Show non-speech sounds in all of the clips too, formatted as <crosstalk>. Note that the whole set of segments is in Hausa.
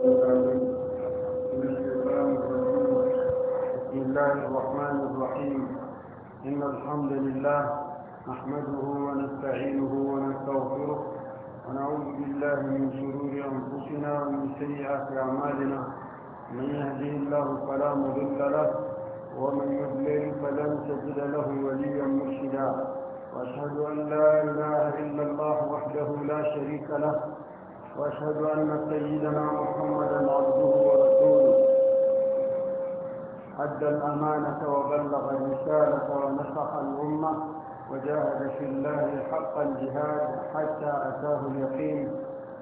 بسم الله الرحمن الرحيم إن الحمد لله نحمده ونستعينه ونستغفره ونعوذ بالله من شرور أنفسنا ومن سيئات أعمالنا من يهده الله فلا مضل له ومن يضلل فلن تجد له وليا مرشدا واشهد ان لا اله الا الله وحده لا شريك له واشهد ان سيدنا محمدا عبده ورسوله ادى الامانه وبلغ الرساله ونصح الامه وجاهد في الله حق الجهاد حتى اتاه اليقين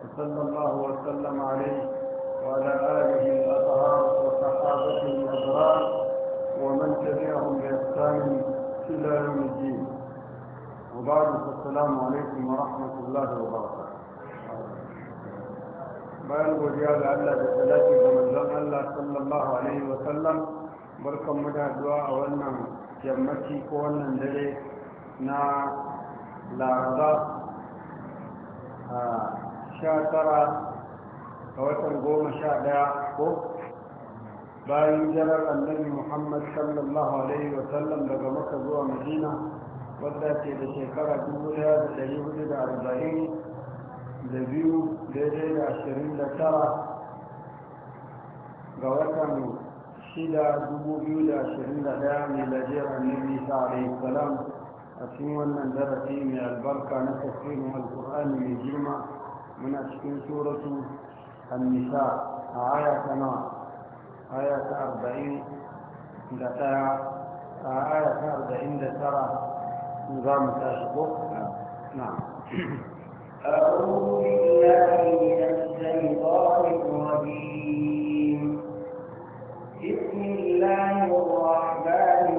وصلى الله وسلم عليه وعلى اله الاطهار وصحابته الابرار ومن تبعهم باحسان الى يوم الدين وبعد فالسلام عليكم ورحمه الله وبركاته bayan godiya ga Allah da salati ga manzon Allah sallallahu alaihi wa sallam barkan mu da addu'a a wannan yammaci ko wannan dare na laraba sha tara a watan goma sha daya ko bayan jarar annabi muhammad sallallahu alaihi wa sallam daga maka zuwa madina wadda ke da shekara dubu ɗaya da ɗari hudu da arba'in da biyu daidai da ashirin da tara ga watan shida dubu biyu da ashirin da ɗaya miladiyar annabi isa alaihi salam a cikin wannan darasi mai albarka na tafsirin alkur'ani mai girma muna cikin suratu annisa a aya ta nawa aya ta arba'in da ɗaya a aya ta arba'in da tara za mu tashi ko na'am أعوذ بالله من الشيطان بسم الله الرحمن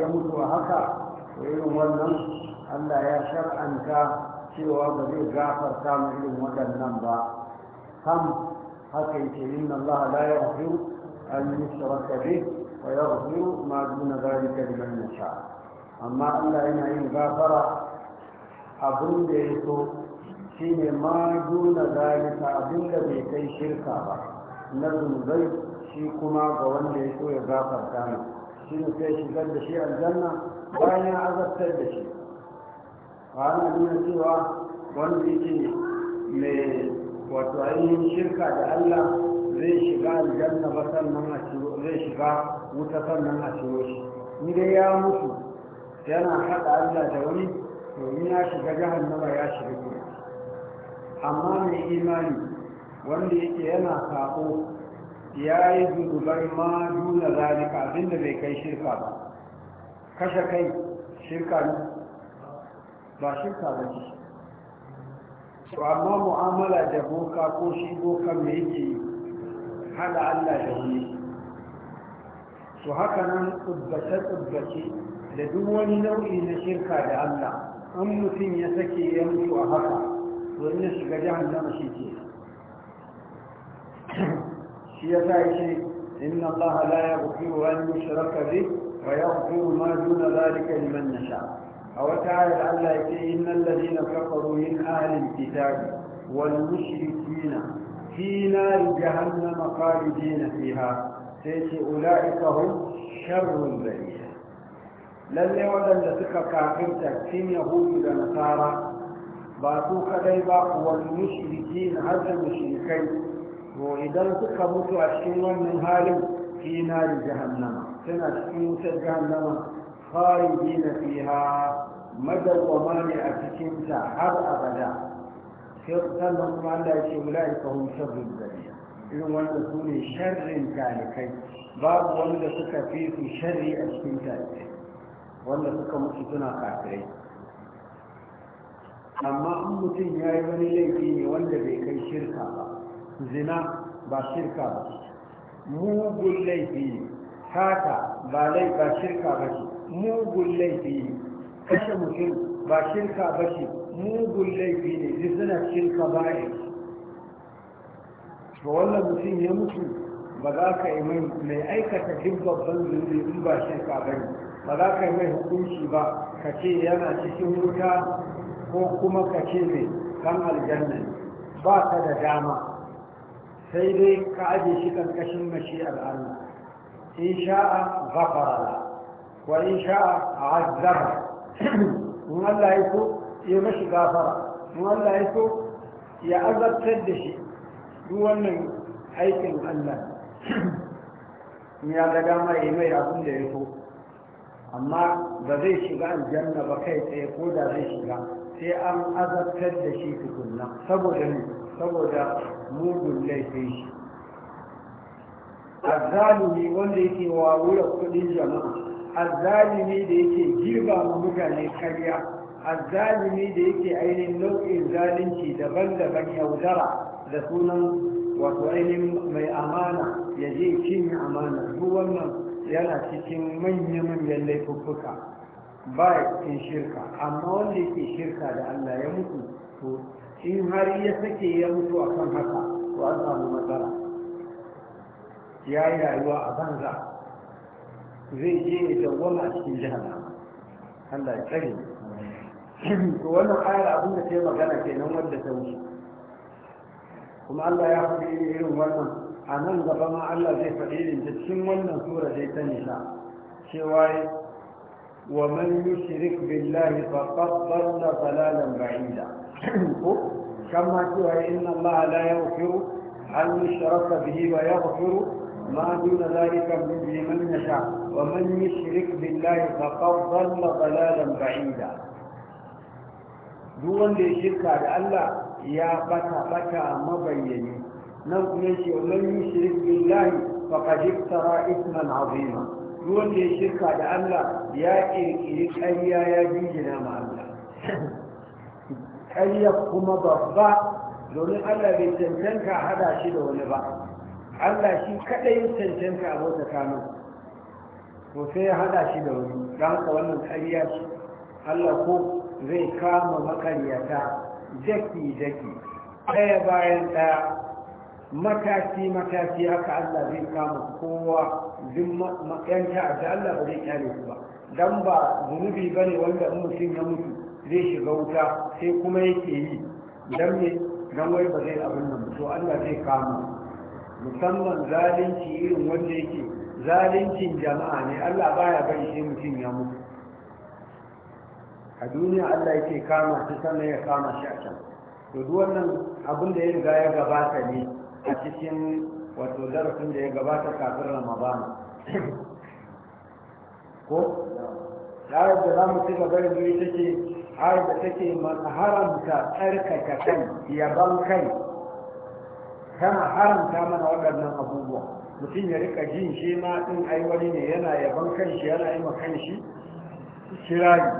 ya mutu a haka to irin wannan Allah ya shar'anta cewa ba zai gafarta mu irin waɗannan ba kam haka yake inna Allah la yaghfiru an yushraka bih wa yaghfiru ma duna dhalika liman yasha amma Allah yana yin gafara abin da ya so shine ma duna zalika abin da bai kai shirka ba na zunubai shi kuma ga wanda ya so ya gafarta mu shi ne sai shigar da shi aljanna bayan ya azabtar da shi ana nuna cewa wanda yake mai wato ainihin shirka da allah zai shiga aljanna ba sannan a ciro zai shiga wuta sannan a ciro shi ni dai ya mutu yana haɗa allah da wani domin ya shiga jahannama ya shiga amma mai imani wanda yake yana saƙo ya yi zunubar ma duna zalika abinda bai kai shirka ba kashe kai shirka ne ba shirka ba ce to amma mu'amala da boka ko shi boka mai yake hada Allah da wani to haka nan tsubbace tsubbace da duk wani nau'i na shirka da Allah an mutum ya sake ya mutu a haka wani ya shiga na mashi ke shi ya sa yake inna allaha la yaghfiru an yushraka bih wa yaghfiru ma duna dhalika liman yasha a wata ayar Allah yake innal ladina kafaru min ahli alkitab wal mushrikina fi nar jahannam khalidina fiha sai ce ulaika hum sharrul bariya lalle wadanda suka kafirta cin yahudu da nasara ba su kadai ba wal mushrikina har da mushrikai to idan suka mutu a cikin wannan halin fi nari jahannama suna cikin wutar jahannama khalidina fiha madawwama ne a cikin ta har abada sai sannan kuma Allah ya ce ulaika hum sharrul bariya irin wanda su ne sharrin talikai babu wanda suka fi su sharri a cikin talikai wanda suka mutu suna kafirai amma in mutum ya yi wani laifi ne wanda bai kai shirka ba zina ba shirka ba mugun laifi haka ba lai ba shirka ba shi mugun laifi kashe mutum ba shirka ba shi mugun laifi ne zina shirka ba ne ba wannan mutum ya mutu ba za ka yi mai mai aikata duk babban zunubi in ba shirka ba ne ba za ka yi mai hukunci ba ka ce yana cikin wuta ko kuma ka ce mai kan aljanna ba ka da dama sai dai ka aje shi karkashin mashi al'amma in sha'a ghafara wa in sha'a azzaba in Allah ya so ya mashi gafara in Allah ya so ya azabtar da shi duk wannan aikin Allah ya ga dama ya mai abin da ya so amma ba zai shiga aljanna ba kai tsaye ko da zai shiga sai an azabtar da shi tukunna saboda ne saboda mugun laifin shi azzalumi wanda yake wawura kudin jama'a azzalumi da yake girba mutane karya azzalumi da yake ainihin nau'in zalunci daban-daban yaudara da sunan wato ainihin mai amana ya je cin amana duk wannan yana cikin manya-manyan laifuffuka ba in shirka amma wanda yake shirka da Allah ya mutu in har ya sake ya mutu a kan haka to an samu matsala ya yi rayuwa a banza zai je ya dawwama a cikin jahannama Allah ya tsare to wannan ayar abin da ta magana kenan wanda ta wuce kuma Allah ya faɗi irin wannan a nan gaba ma Allah zai faɗi irin ta cikin wannan sura dai ta nisa cewa ومن يشرك بالله فقد ضل ضلالا بعيدا كما سوى إن الله لا يغفر أن يشرك به ويغفر ما دون ذلك لمن يشاء ومن يشرك بالله فقد ضل ضلالا بعيدا دون لشركة لألا يا بكى بكى مبيني نقول ومن يشرك بالله فقد افترى إثما عظيما ruwan da ya shirka da Allah ya ƙirƙiri ƙarya ya jingina ma Allah ƙarya kuma babba domin Allah bai cancanta hada shi da wani ba Allah shi kaɗai cancanta a wata kano to sai ya hada shi da wani don haka wannan ƙarya shi. Allah ko zai kama makaryata Zaki, zaki. ɗaya bayan ɗaya makaci-makaci haka Allah zai kama kowa duk makanta da Allah ba zai kyale ku ba dan ba zunubi bane wanda mutum ya mutu zai shiga wuta sai kuma yake yi dan ne, dan wai ba zai abin nan to Allah zai kama musamman zalunci irin wanda yake zaluncin jama'a ne Allah baya bari sai mutum ya mutu a duniya Allah yake kama shi sannan ya kama shi a can to duk wannan abin da ya riga ya gabata ne a cikin wato darasin da ya gabata kafin ramadan <coughs> ko ayar da za mu ci gaba da biyu take ayar da take haramta tsarkaka kai yaban kai kama haramta mana waɗannan abubuwa mutum ya rika jin shi ma ɗin ai wani ne yana yaban shi yana yi ma shi kirari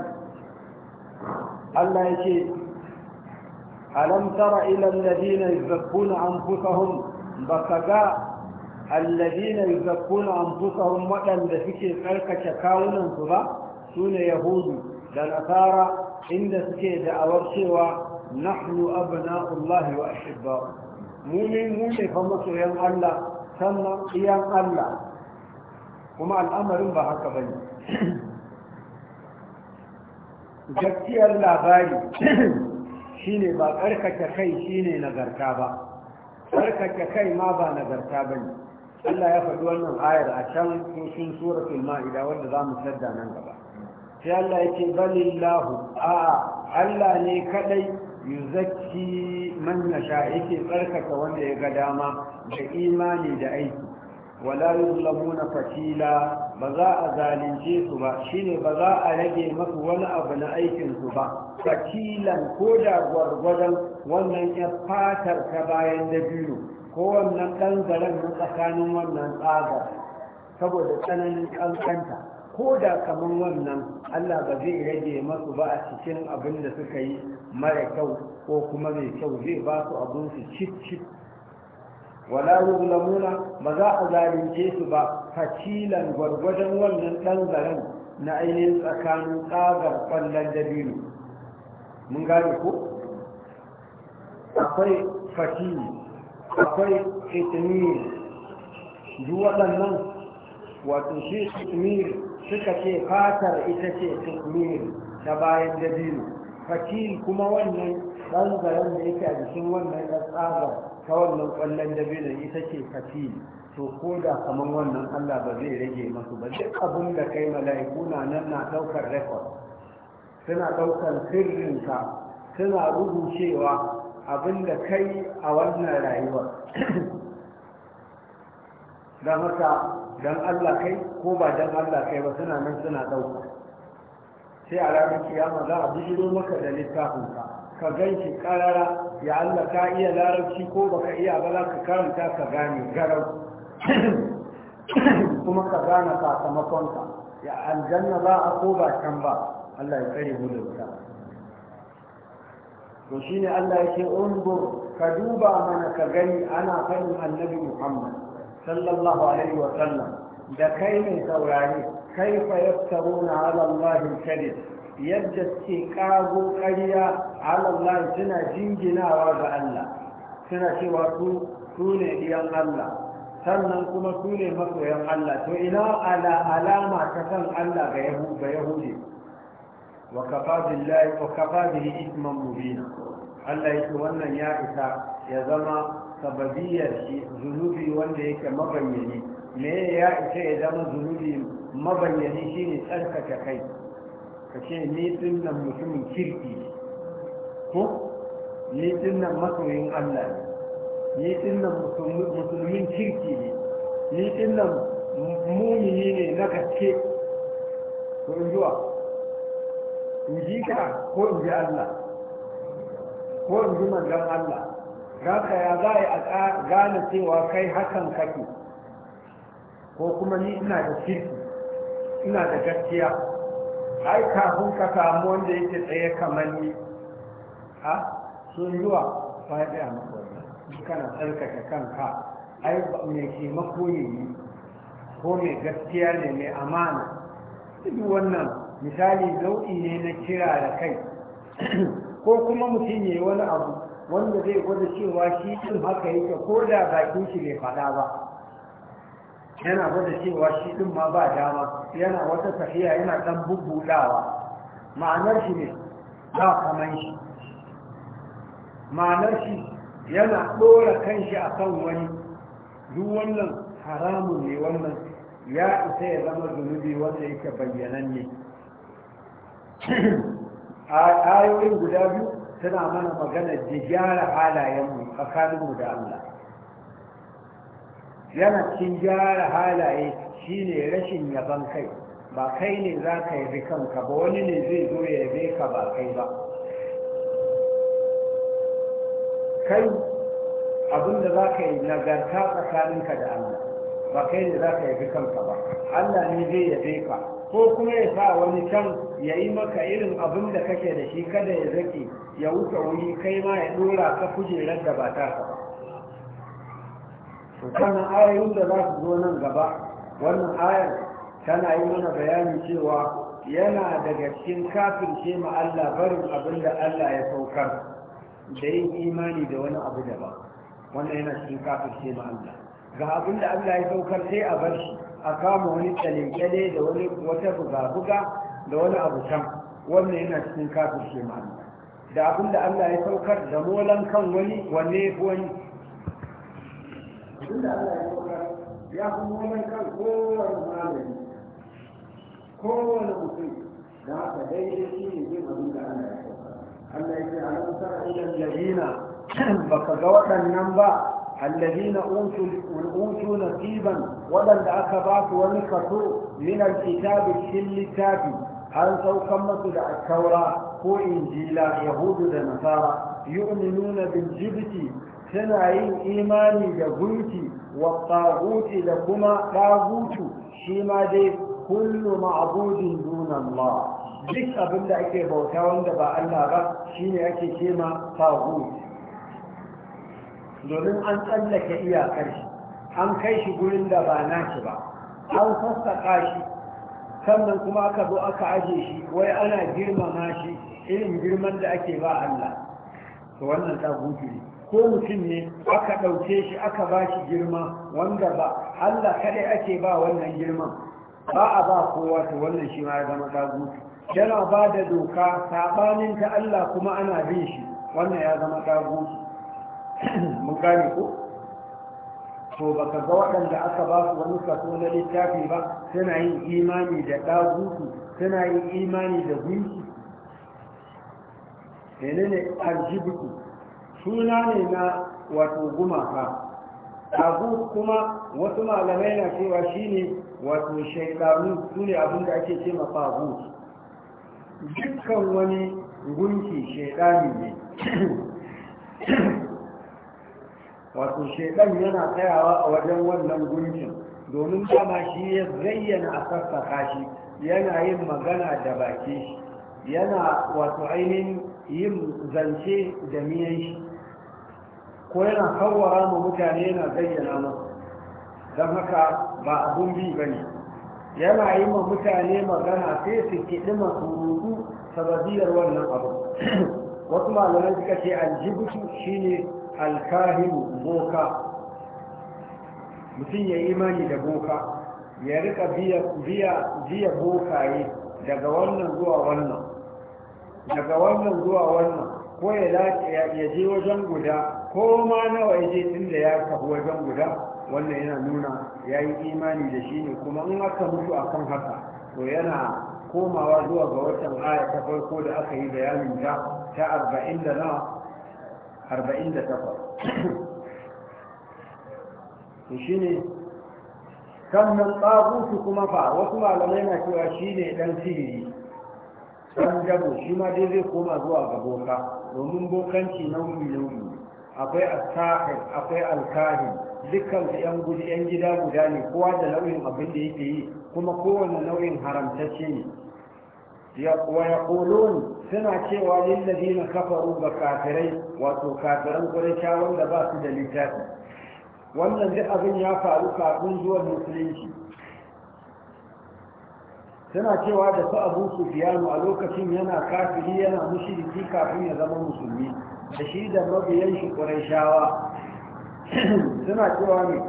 Allah ya ce alam tara ila alladhina yuzakkuna anfusahum bakaga alladhina yuzakkuna anfusahum wadanda suke tsarkake kawunansu ba sune yahudu da nasara inda suke da'awar cewa nahnu abna'ullahi wa mu ne mu ne fa masoyan Allah sannan iyan Allah kuma al'amarin ba haka bane gaskiyar labari shine ba karkata kai shine nagarta ba karkata kai ma ba nagarta bane Allah ya faɗi wannan ayar a can cikin suratul ma'ida wanda zamu sadda nan gaba sai Allah yake balillahu a Allah ne kadai yuzakki man yasha yake tsarkaka wanda ya ga dama da imani da aiki wala yuzlamuna fatila ba za a zalunce su ba shine ba za a rage masu wani abu na su ba fakilan ko da gwargwadon wannan ya fatar ta bayan da biyu ko wannan ɗan zaren na tsakanin wannan tsagar saboda tsananin ƙanƙanta ko da kamar wannan allah ba zai rage masu ba a cikin abin da suka yi mara kyau ko kuma mai kyau zai ba su abin su cip cip wala yuzlamuna ba za a zalunce su ba fatilan gwargwadon wannan dan zaren na ainihin tsakanin tsagar kwallon dabino mun gane ko akwai fatini akwai itimir duk waɗannan wato shi itimir suka ce fatar ita ce itimir ta bayan dabino fatil kuma wannan ɗan zaren da yake a jikin wannan ɗan tsagar ta wannan kwallon dabinan ita ce kafi to ko da kaman wannan Allah ba zai rage masu ba duk abin da kai mala'iku na nan na daukar rekod suna daukar ka suna rubucewa abin da kai a wannan rayuwa. don haka don Allah kai ko ba don Allah kai ba suna nan suna ɗauka sai a ranar kiyama za a bijiro maka da littafinka ka ganshi karara ya Allah ka iya larabci ko baka iya ba za ka karanta ka gane garau <coughs> kuma ka gane sakamakonka ya aljanna za a ko ba can ba Allah ya tsare mu da to shine Allah yake unzur ka duba mana ka gani ana fadin annabi Muhammad sallallahu alaihi wa sallam da kai mai saurare kaifa yaftaruna ala Allah kadib yadda suke kago ƙarya ala Allah suna jinginawa ga Allah suna cewa su ne Allah sannan kuma su ne masoyan Allah to ina ala alama ta san Allah ga Yahudi wa kafa billahi wa kafa bihi isman mubina Allah yake wannan ya isa ya zama sababiyar shi zunubi wanda yake mabayyani me ya ita ya zama zunubi mabayyani ne tsarkaka kai ka ce ni dinnan mutumin kirki ko ni dinnan masoyin Allah ne ni dinnan musulmin kirki ne ni dinnan mumini ne na gaske ko in zuwa in ji ka ko in ji Allah ko in ji mazan Allah Raka ya za a gane cewa kai hakan kake ko kuma ni ina da kirki ina da gaskiya ai kafin ka samu wanda yake tsaye kamar ni ha sun zuwa ba ya tsaya maka wannan kana tsarkaka kanka ai mai taimako ne ko mai gaskiya ne mai amana duk wannan misali nau'i ne na kira da kai <clears throat> ko kuma mutum ya yi wani abu wanda zai gwada cewa shi ɗin haka yake ko da bakin shi bai faɗa ba yana wata cewa shi din ma ba dama yana wata tafiya yana dan bubbudawa ma'anar shi ne ba kaman shi ma'anar shi yana ɗora shi a kan wani duk wannan haramun ne wannan ya isa ya zama zunubi wanda yake bayyanan ne ayoyin guda biyu suna mana magana da gyara halayenmu mu da Allah yana cikin gyara halaye shine rashin yaban kai ba kai ne za ka yabi kanka ba wani ne zai zo ya yabe ka ba kai ba kai abinda za ka yi nagarta tsakaninka da Allah ba kai ne za ka yabi kanka ba Allah ne zai yabe ka ko kuma ya sa wani can ya yi maka irin abin da kake da shi kada ya zaki ya wuce wuri kai ma ya dora ka kujerar da ba ta ba sannan ayoyin da za su zo nan gaba wannan ayar tana yi mana bayani cewa yana daga cikin ce ma Allah barin abin da Allah ya saukar da yin imani da wani abu ba wannan yana cikin ce ma Allah ga abin da Allah ya saukar sai a bar shi a kama wani tsalinkyale da wani wata buga-buga da wani abu can wannan yana cikin ce ma Allah da abin da Allah ya saukar da molan kan wani wanne wani tunda Allah ya saukar ya fi noman kan kowane malami kowane mutum da haka daidai shi ne jin abin da Allah ya saukar Allah ya ce a nan sara ilan ladina <clears throat> baka ga waɗannan ba الذين أوتوا نصيبا ولن أكبات ونكتوا من الكتاب في الكتاب هل سوكمت التوراة هو إنجيلا يهود ونصارى يؤمنون بالجبت suna yin imani da gunki wa tsaguti da kuma tagutu shi ma dai kullu ma'budin dun Allah duk abin da ake bauta wanda ba Allah ba shine ake kema tsaguti domin an tsallake iyakar shi an kai shi gurin da ba nashi ba an sassaƙa shi sannan kuma aka zo aka aje shi wai ana girmama shi irin girman da ake ba Allah to wannan tagutu ne ko mutum ne aka ɗauke shi aka ba shi girma wanda ba Allah kaɗai ake ba wannan girman ba a ba kowa wannan shi ma ya zama ɗagu yana ba da doka saɓanin ta Allah kuma ana bin shi wannan ya zama ɗagu <clears throat> mun gane ko to ba ka ga waɗanda aka ba su wani kaso na littafi ba suna yin imani da ɗagu suna yin imani da gunki menene aljibutu suna ne na wato gumaka tagut kuma wasu malamai na cewa shine wato shaidanu su ne abin da ake ce mafagut dukkan wani gunki shaidani ne <coughs> wato shaidan yana tsayawa a wajen wannan gunkin domin dama shi ya zayyana a sassaka shi yana yin magana da baki shi yana wato ainihin yin zance da miyan shi ko yana kawara ma mutane yana bayyana mu don haka ba abun bi ba ne yana yi ma mutane magana sai su kiɗi masu rudu sababiyar wannan abu <clears throat> wasu malamai suka ce aljibutu shine alkahinu boka mutum ya imani da boka ya rika biya bokaye daga wannan zuwa wannan daga wannan zuwa wannan ko ya je wajen guda ko ma nawa ya je tun ya kafu wajen guda wannan yana nuna ya yi imani da shi ne kuma in aka mutu a kan haka to yana komawa zuwa ga watan aya ta farko da aka yi bayanin ta ta arba'in da na arba'in da takwas shi ne sannan kuma fa wasu malamai na cewa shi ne ɗan sihiri ɗan jabo shi ma dai zai koma zuwa ga boka domin bokanci nauyi nauyi akwai as akwai alkahin dukkan su yan gudu yan gida guda ne kowa da nau'in abin da yake yi kuma kowane nau'in haramtacce ne wa yaqulun suna cewa lil na kafaru ga kafirai wato kafiran qurayshawan da ba su da littafi wannan duk abin ya faru kafin zuwan musulunci suna cewa da su abu sufiyanu a lokacin yana kafiri yana mushriki kafin ya zama musulmi da shi da mabiyan shi ƙurayshawa <clears throat> suna cewa ne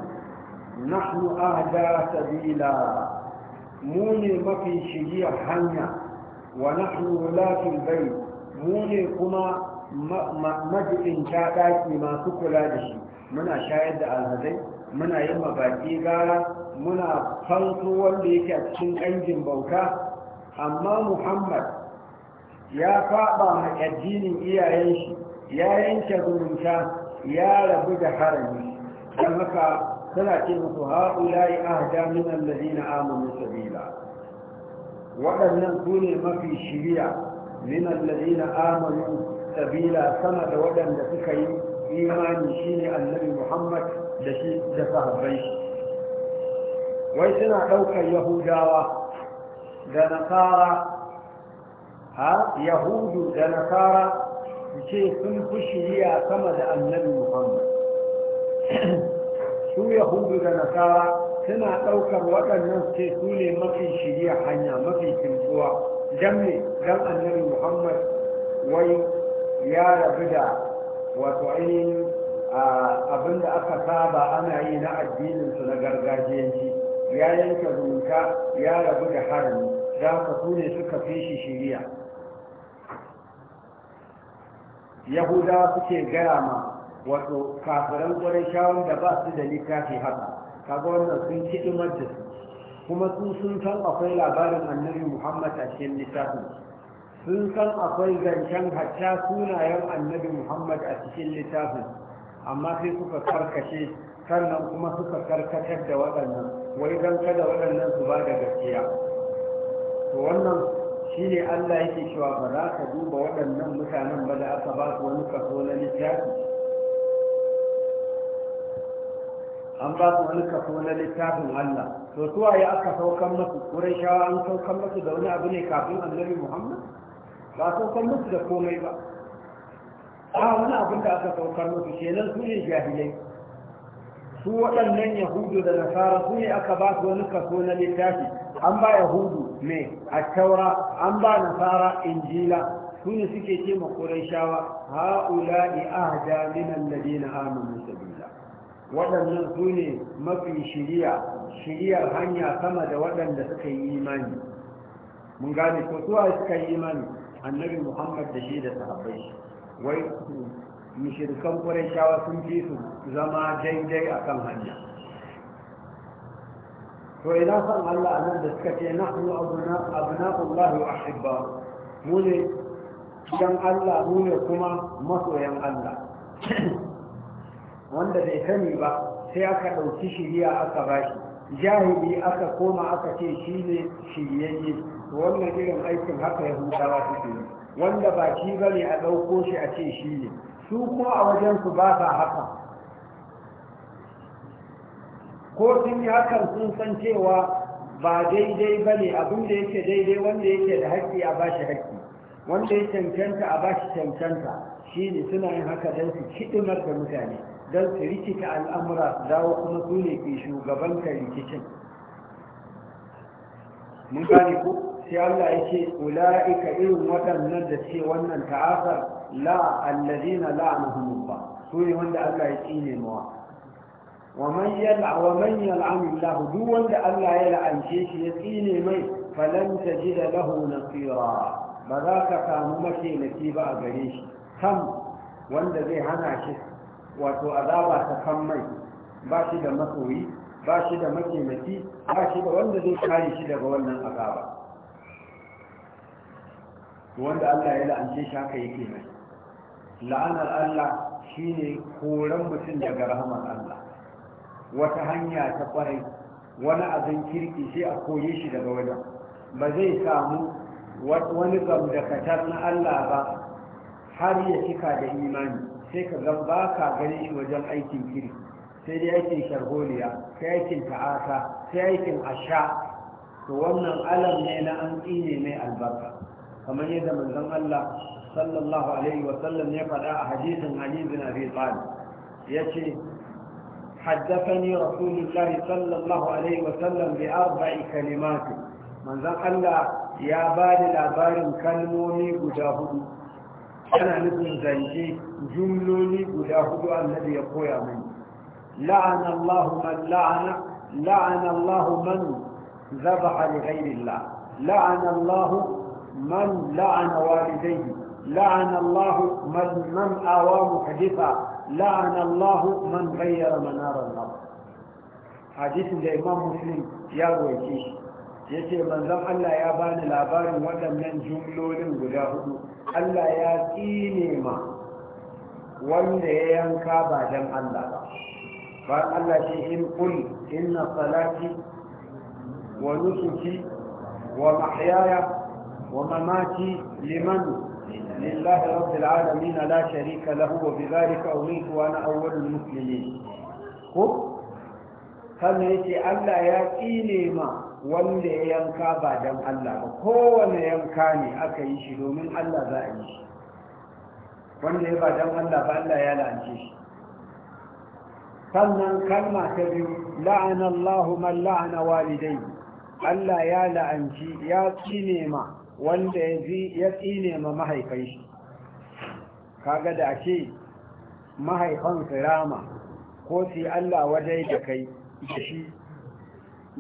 nahnu ahda sabila mu ne mafi shiriyar hanya wa nahnu wulatul bai mu ne kuma majiɗinta ɗaki masu kula da shi muna shayar da alhazai muna yin mabaki gara muna fanto wanda yake a cikin ƙangin bauta amma muhammad ya faɓa ma addinin iyayen shi ya yanke zumunta ya rabu da harami don haka suna ce musu ha'ulai ahda min allazina amanu sabila waɗannan su ne mafi shiriya minan allazina amanu sabila sama da waɗanda suka yi imani shine annabi Muhammad da shi da sahabbai wai suna ɗaukar yahudawa da nasara ha yahudu da nasara su ce sun fi shiriya sama da annabi muhammad su yahudu da nasara suna ɗaukar waɗannan ce su ne mafi shiriya hanya mafi kimtsuwa don ne don annabi muhammad wai ya rabu da wato ainihin abinda aka saba ana yi na addininsu na gargajiyanci ya yanka zumunta ya rabu da harami za ka su ne suka fi shi shiriya yahuda suke gaya ma wato kafiran ƙwarai shawon da ba su da littafi haka kaga wannan sun ci kuma su sun san akwai labarin annabi muhammad a cikin littafin sun san akwai zancen hatta sunayen annabi muhammad a cikin littafin amma sai suka karkashe sannan kuma suka karkatar da waɗannan wai don kada waɗannan su ba da gaskiya to wannan shi ne Allah yake cewa ba za ka duba waɗannan mutanen ba da aka ba su wani kaso na littafi an ba su wani kaso na littafin Allah to tuwa ya aka saukan masu shawa an saukan masu da wani abu ne kafin annabi Muhammad ba saukan masu da komai ba a wani abin da aka saukan masu kenan su ne jahilai su waɗannan yahudu da nasara su ne aka ba su wani kaso na littafi an ba yahudu A taura, an ba nasara injila su ne suke ce ma ƙurayshawa ha'ula'i ahda min na amanu sabila waɗannan su ne mafi shiriya shiriyar hanya sama da waɗanda suka yi imani mun gane ko suwa suka yi imani annabi muhammad da shi da sahabbai wai mishirkan shawa sun fi su zama daidai a kan hanya to ina san Allah a nan da suka ce nahnu abna'ullah wa ahibba mu ne yan Allah mu ne kuma masoyan Allah wanda bai sani ba sai aka ɗauki shiriya aka ba shi. jahili aka koma aka ce shi ne shiryayye wannan irin aikin haka ya hutawa suke yi wanda ba shi bane a ɗauko shi a ce shi ne su kuma a wajensu ba sa haka ko sun yi hakan sun san cewa ba daidai ba ne abin da yake daidai wanda yake da haƙƙi a bashi haƙƙi wanda ya cancanta a bashi cancanta shi ne suna yin haka don su hidimar da mutane don su rikita al'amura dawo kuma su ne ke ka rikicin mun gane ku sai Allah ya ce ula'ika irin waɗannan da ce wannan ta'asar la alladhina la'anahumullah su ne wanda Allah ya tsine mawa wa man yal'a wa man yal'anu Allah duk wanda Allah ya la'ance shi ya tsine mai falan tajida lahu nasira ba za ka samu mataimaki ba a gare shi kam wanda zai hana shi wato azaba ta kan mai ba shi da masoyi ba shi da mataimaki ba shi da wanda zai kare shi daga wannan azaba wanda Allah ya la'ance shi haka yake mai la'anar Allah shine koran mutum daga rahamar Allah wata hanya ta kwarai wani abin kirki sai a koye shi daga wajen ba zai samu wani zamdakatar na Allah ba har ya cika da imani sai ka ga ba ka ganin shi wajen aikin kirki sai dai aikin sharholiya sai aikin ta'asa, sai aikin asha to wannan alam ne na an tsine mai albarka kamar yadda manzon Allah sallallahu alaihi wasallam ya faɗa a hadisin halibin abitan ya ce haddafani rasulullahi sallallahu alaihi wasallam bi arba'i kalimati manzan allah ya ba da labarin kalmomi guda hudu yana nufin zance jumloli guda hudu annabi ya koya mai la'an allahu man zaba a lihairin la'an allahu man la'ana walidai لعن الله من من آوى محدثا لعن الله من غير منار النار حديث الإمام مسلم يا رويتيش yace manzon Allah ya bani labarin waɗannan jumlolin guda huɗu. Allah ya tsine ma wanda ya yanka ba dan Allah ba ba Allah ce in kul inna salati wa nusuki wa mahyaya wa mamati liman لله رب العالمين لا شريك له وبذلك أميت وأنا أول المسلمين ko kan yake Allah ya tsine ma wanda ya yanka ba Allah ba kowane yanka ne aka yi shi domin Allah za a yi shi wanda ya ba Allah ba Allah ya la'ance shi sannan kalma ta biyu la'ana Allahu man la'ana walidai Allah ya la'anci ya tsine ma wanda ya ji ya tsine ma mahaifan shi kaga da ake mahaifan firama ko sai Allah wajai da kai da shi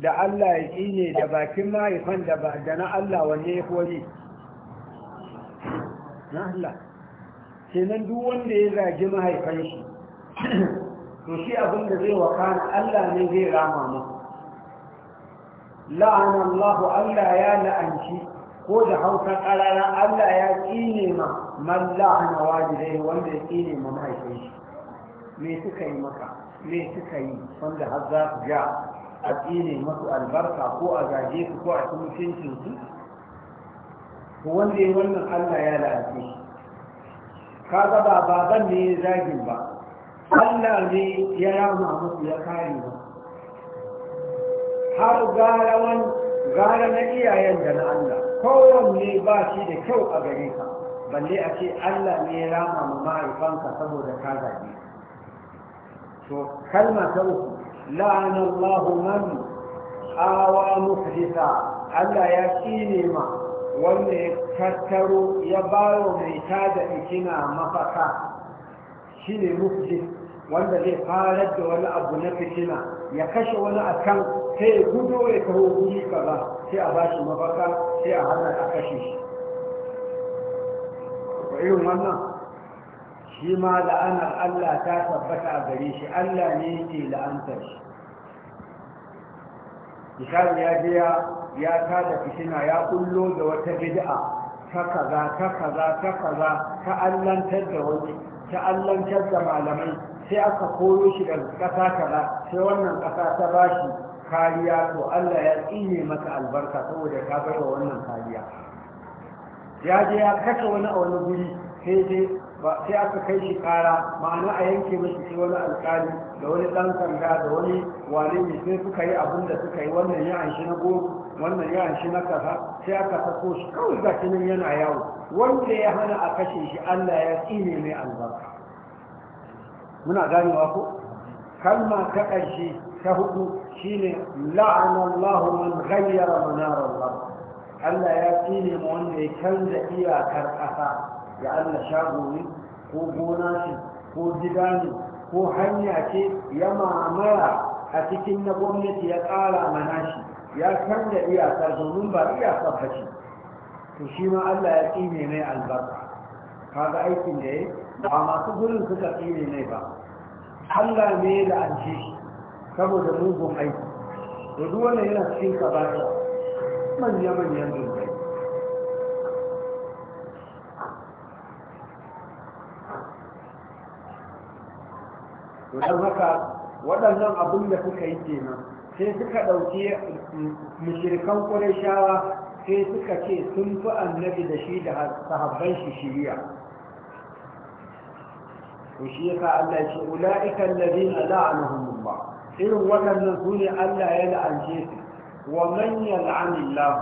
da Allah ya tsine da bakin mahaifan da ba da na Allah wanne ya kori na Allah kenan duk wanda ya zagi mahaifan shi <clears throat> to shi abin da zai wakana Allah ne zai rama masa la'ana Allah Allah ya la'anci ko da hausa ƙarara Allah ya tsine ma mallaha na wajidai wanda ya kine ma mahaifin shi me suka yi maka me suka yi wanda har za su ja a tsine masu albarka ko a gaje su ko a ci mutuncin su ko wanda ya wannan Allah ya lafi ka ga ba baban ne ya zagi ba Allah ne ya rama musu ya kare ba har gara wani gara na iyayen da na Allah kowanne ba shi da kyau a gare ka balle a ce Allah ne ya rama ma mahaifanka saboda ka zage to kalma ta uku la'ana Allah man awa muhdisa Allah ya tsine ma wanda ya tattaro ya bayo mai tada ikina mafaka shine muhdis wanda zai farar da wani abu na fitina ya kashe wani a kan sai ya gudu ya kawo guri kaza sai a bashi mafaka sai a hana a kashe shi Ba irin wannan shi ma la'anar Allah ta tabbata a gare shi Allah ne ke la'antar shi misali ya je ya tada fitina ya kullo da wata bid'a ta kaza ta kaza ta kaza ta allantar da wani ta allantar da malamai sai aka koyo shi ga ƙasa kaza sai wannan ƙasa ta shi kariya to Allah ya tsine maka albarka saboda ka bai wa wannan kariya ya je ya kashe wani a wani guri sai je sai aka kai shi kara ma'ana a yanke mashi sai wani alkali da wani ɗan sanda da wani wane ne sai suka yi abin da suka yi wannan ya anshi na goro wannan ya anshi na kasa sai aka sako shi kawai ga nan yana yawo wanda ya hana a kashe shi Allah ya tsine mai albarka muna ganewa ko kalma ta ƙarshe ta hudu shine la'ana man ghayyara manar Allah Allah ya tsine mu wanda ya canza iyakar ƙasa ya Allah shago ne ko gona ce ko gida ne ko hanya ce ya mamaya a cikin na gwamnati ya ƙara mana shi ya canza iyakar domin ba iyakar ba ce to shi ma Allah ya tsine mai albarka kaga aikin da ya ba masu gurin suka tsine ne ba Allah ne da an shi saboda mugun aiki da duk wannan yana cikin kabata manya-manyan zunubai don haka waɗannan abin da suka yi kenan sai suka ɗauki mashirkan ƙwarai shawa sai suka ce sun fi annabi da shi da sahabban shi shiriya to shi yasa Allah ce ulaika alladhina la'anahumullah irin wannan su Allah ya la'ance shi. wa man yal'anillah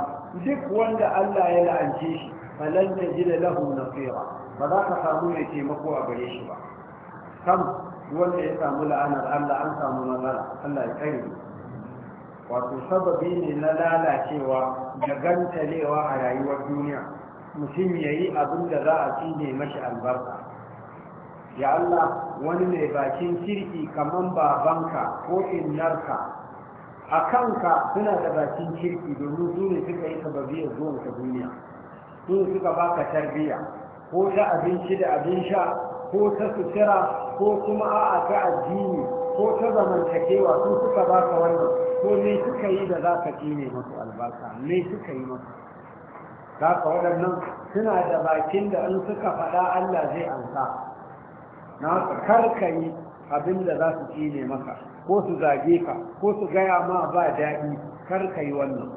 duk wanda Allah ya la'ance shi falan tajida lahu nasira ba za ka samu mai taimako a gare shi ba kam wanda ya samu la'anar Allah an samu matsala Allah ya kare wato sababi ne na lalacewa da gantalewa a rayuwar duniya mutum ya yi abin da za a tsine mashi albarka ya Allah wani mai bakin kirki kaman babanka ko innarka a kanka suna da bakin kirki domin su ne suka yi sababiyar zuwan ka duniya su ne suka baka tarbiyya ko ta abinci da abin sha ko ta sutura ko kuma a'a ta addini ko ta zamantakewa su suka baka wannan ko ne suka yi da za ka ne masu albarka ne suka yi masu za ka waɗannan suna da bakin da in suka faɗa Allah zai ansa na haka yi abin da za su tsine maka ko su zage ka ko su gaya ma ba daɗi karka yi wannan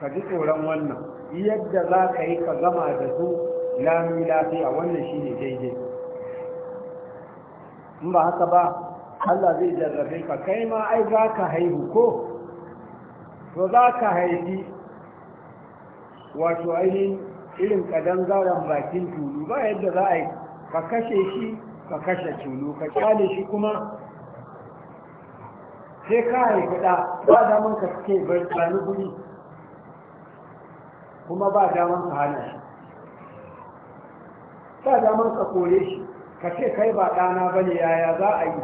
ka ji tsoron wannan yadda za ka yi ka gama da su lami lafiya wannan shi ne daidai in ba haka ba Allah zai jarrabe ka kai ma ai za ka haihu ko to za ka haifi wato ainihin irin kadan zauren bakin tulu ba yadda za a yi ka kashe shi ka kashe tulu ka kyale shi kuma sai ka haifi ɗa ba daman ka suke bai guri kuma ba daman ka hana shi ba daman ka kore shi ka ce kai ba dana ba ne yaya za a yi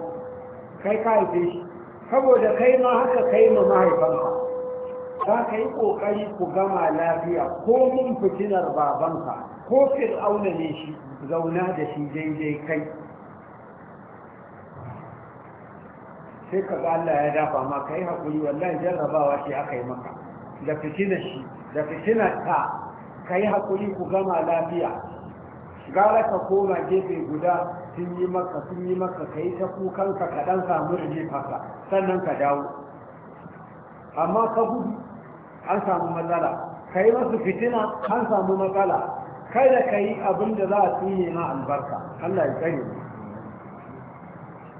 kai ka haife shi saboda kai ma haka kai ma mahaifanka za ka yi ƙoƙari ku gama lafiya ko mun fitinar babanka ko fir'auna ne shi zauna da shi daidai kai sai ka ga Allah ya dafa ma kai hakuri wallahi jarrabawa shi aka yi maka da fitina shi da fitina ta kai hakuri ku gama lafiya gara ka koma gefe guda sun yi maka sun yi maka kai ta kukanka ka dan samu rijifarka sannan ka dawo amma ka gudu an samu matsala kai masu fitina an samu matsala kada ka yi abin da za a tsine ma albarka Allah ya tsare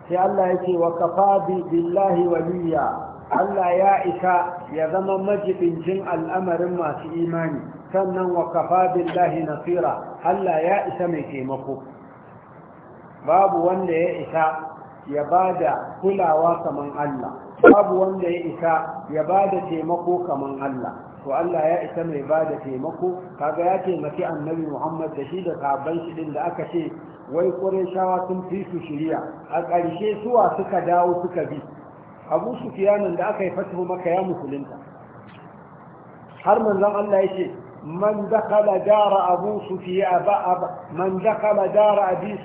sai Allah ya ce wa kafa billahi waliya Allah ya isa ya zama majibincin al'amarin masu imani sannan wa kafa billahi nasira Allah ya isa mai taimako babu wanda ya isa ya ba da kulawa kaman Allah babu wanda ya isa ya ba da taimako kaman Allah to Allah ya isa mai ba da taimako kaga ya taimaki annabi Muhammad da shi da sahabban shi din da aka ce wai shawa sun fi su shirya a ƙarshe suwa suka dawo suka bi Abu Sufyan da aka yi fatihu maka ya musulunta har manzon Allah yace man dakala dara Abu Sufyan ba man dakhala dara Abi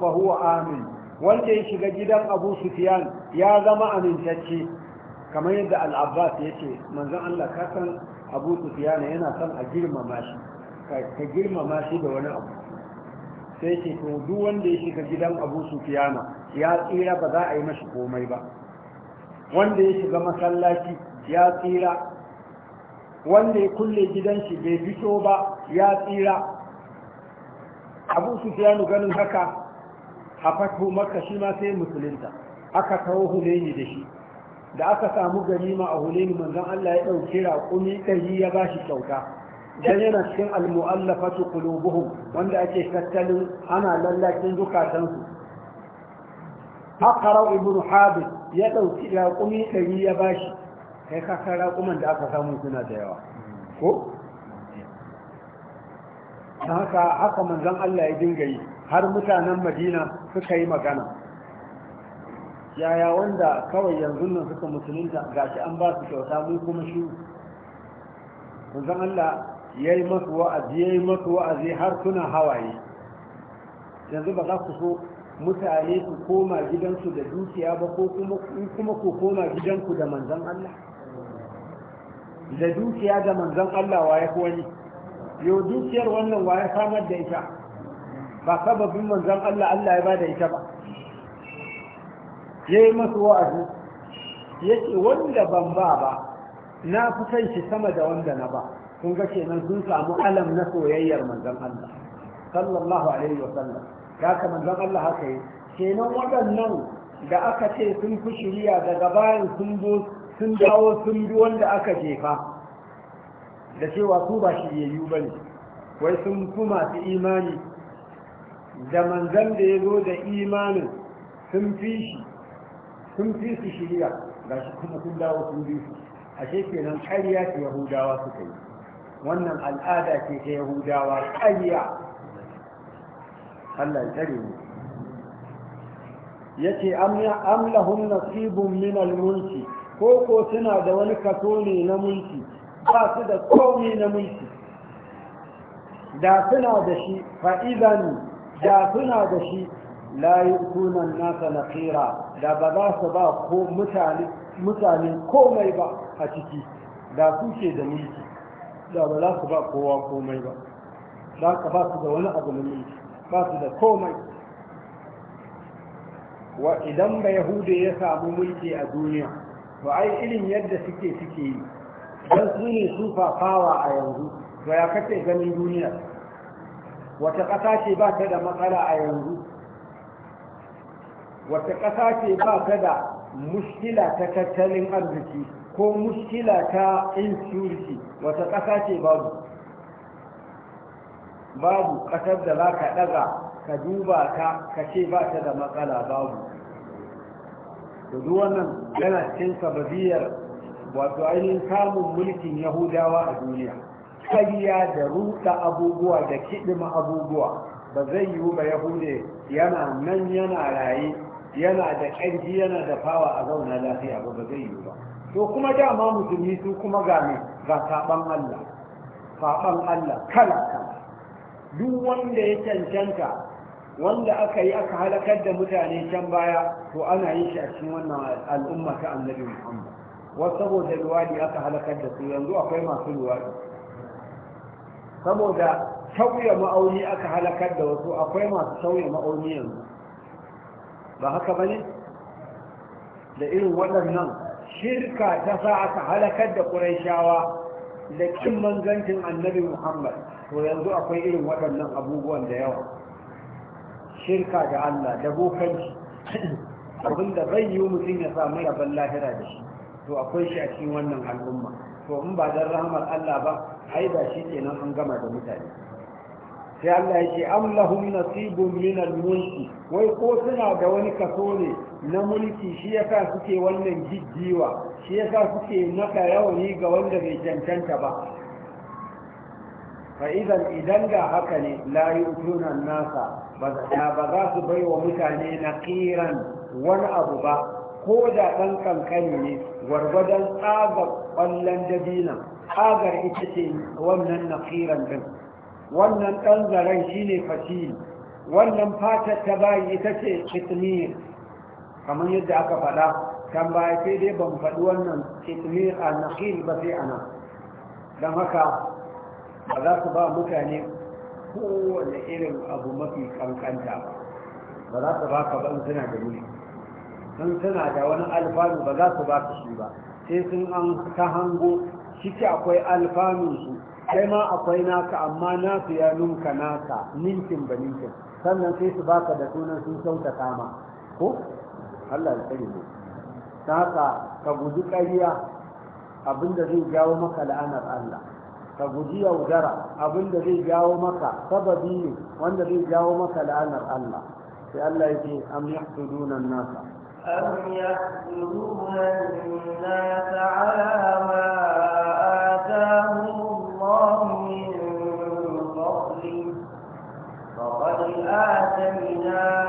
fa huwa amin wanda ya shiga gidan Abu Sufyan ya zama amintacce kamar yadda al'abbas ya ce manzon Allah ka san abu sufiyana yana son a girmama shi ka girmama shi da wani abu sai ce to duk wanda ya shiga gidan abu sufiyana ya tsira ba za a yi mashi komai ba wanda ya shiga masallaci ya tsira wanda ya kulle gidan shi bai fito ba ya tsira abu sufiyanu ganin haka a fatu maka ma sai musulunta aka kawo hunayi da shi da aka samu ganima a hunaini manzon Allah ya ɗauki raƙumi ɗari ya ba shi kyauta dan yana cikin almu'allafatu qulubuhum wanda ake tattalin ana dukatansu. zukatansu haqara ibnu habib ya ɗauki raƙumi ɗari ya ba shi kai raƙuman da aka samu suna da yawa ko haka haka manzon Allah ya dinga yi har mutanen Madina suka yi magana yaya wanda kawai yanzu nan suka musulunta gashi an ba su kyauta mu kuma shi manzon Allah ya yi masu wa'azi ya yi masu wa'azi har suna hawaye yanzu ba za ku so mutane ku koma gidansu da dukiya ba ko kuma ku koma gidanku da manzon Allah da dukiya da manzon Allah waye ko wani yau dukiyar wannan waye samar da ita ba sababin manzon Allah Allah ya ba da ita ba ya yi masu wa'azi ya ce wanda ban ba ba na fi shi sama da wanda na ba Sun ga kenan sun samu alam na soyayyar manzan Allah sallallahu alaihi wa sallam ka manzan Allah haka yi kenan waɗannan da aka ce sun fi shirya daga bayan sun zo sun dawo sun bi wanda aka jefa da cewa su ba shiryayyu ba ne wai sun fi masu imani da manzan da ya zo da imanin sun fi shi sun fi su shirya ga shi kuma sun dawo sun bi su ashe kenan ƙarya ce yahudawa suka yi wannan al'ada ce ta yahudawa ƙarya Allah ya tsare mu yace am lahum nasibun min al-mulki ko ko suna da wani kaso ne na mulki ba su da komai na mulki da suna da shi fa'izan da suna da shi la yu'tuna an-nasa tsira da ba za su ba ko mutane komai ba a ciki da su ke da mulki da ba za su ba kowa komai ba za ka ba su da wani abu na mulki ba su da komai wa idan ba yahude ya samu mulki a duniya to ai irin yadda suke suke yi don su ne su fafawa a yanzu ba ya kace ganin duniya wata ƙasa ce ba ta da matsala a yanzu wata ƙasa ce ba ta da mushkila ta tattalin arziki ko mushkila ta insurci wata ƙasa ce babu babu ƙasar da za ka ɗaga ka duba ta ka ce ba ta da matsala babu da duk wannan yana cikin sababiyar wato ainihin samun mulkin yahudawa a duniya kariya da ruɗa abubuwa da kiɗima abubuwa ba zai yiwu ba yahude yana nan yana raye yana da ƙarfi yana da fawa a zauna lafiya ba ba zai yi ba to kuma dama musulmi su kuma ga ne ga saban Allah saban Allah kala kala duk wanda ya cancanta wanda aka yi aka halakar da mutane can baya to ana yin shi a cikin wannan al'umma ta annabi Muhammad wasu saboda luwadi aka halakar da su yanzu akwai masu luwadi saboda sauya ma'auni aka halakar da wasu akwai masu sauya ma'auni yanzu ba haka ba ne da irin waɗannan shirka ta sa aka halakar da ƙuraishawa da ƙin manzancin annabi muhammad to yanzu akwai irin waɗannan abubuwan da yawa shirka da allah da bokanci <clears throat> abinda bai yi mutum ya samu rabon lahira da shi to akwai shi a cikin wannan al'umma to in ba don rahamar allah ba ai ba shi kenan an gama da mutane sai Allah ya ce am lahum nasibun min al-mulki wai ko suna da wani kaso ne na mulki shi yasa suke wannan jijjiwa shi yasa suke naka yawani ga wanda bai cancanta ba fa idan idan ga haka ne la yu'tuna nasa ba za su bai wa mutane naqiran wani abu ba ko da ɗan kankani ne gwargwadon tsagar ƙwallon dabina tsagar ita ce wannan naqiran din wannan ɗan zaren shi ne fasil wannan fatar ta bayi ita ce kitmir kamar yadda aka faɗa kan baya sai dai ban faɗi wannan kitmir a nakhil ba sai a nan don haka ba za su ba mutane kowane irin abu mafi kankanta ba za su ba ka ba suna da wuri sun suna da wani alfanu ba za su ba ka shi ba sai sun an ta hango shi akwai alfanunsu kai ma akwai naka amma nasu ya nunka naka ninkin ba ninkin sannan sai su baka da sunan sun sauta kama ko Allah ya tsare ne saka ka guji ƙarya abinda zai jawo maka la'anar Allah ka guji yaudara abinda zai jawo maka sababi ne wanda zai jawo maka la'anar Allah sai Allah yake am yahduduna nasa am yahduduna nasa ala ma atahum الله من فضله فقد آتينا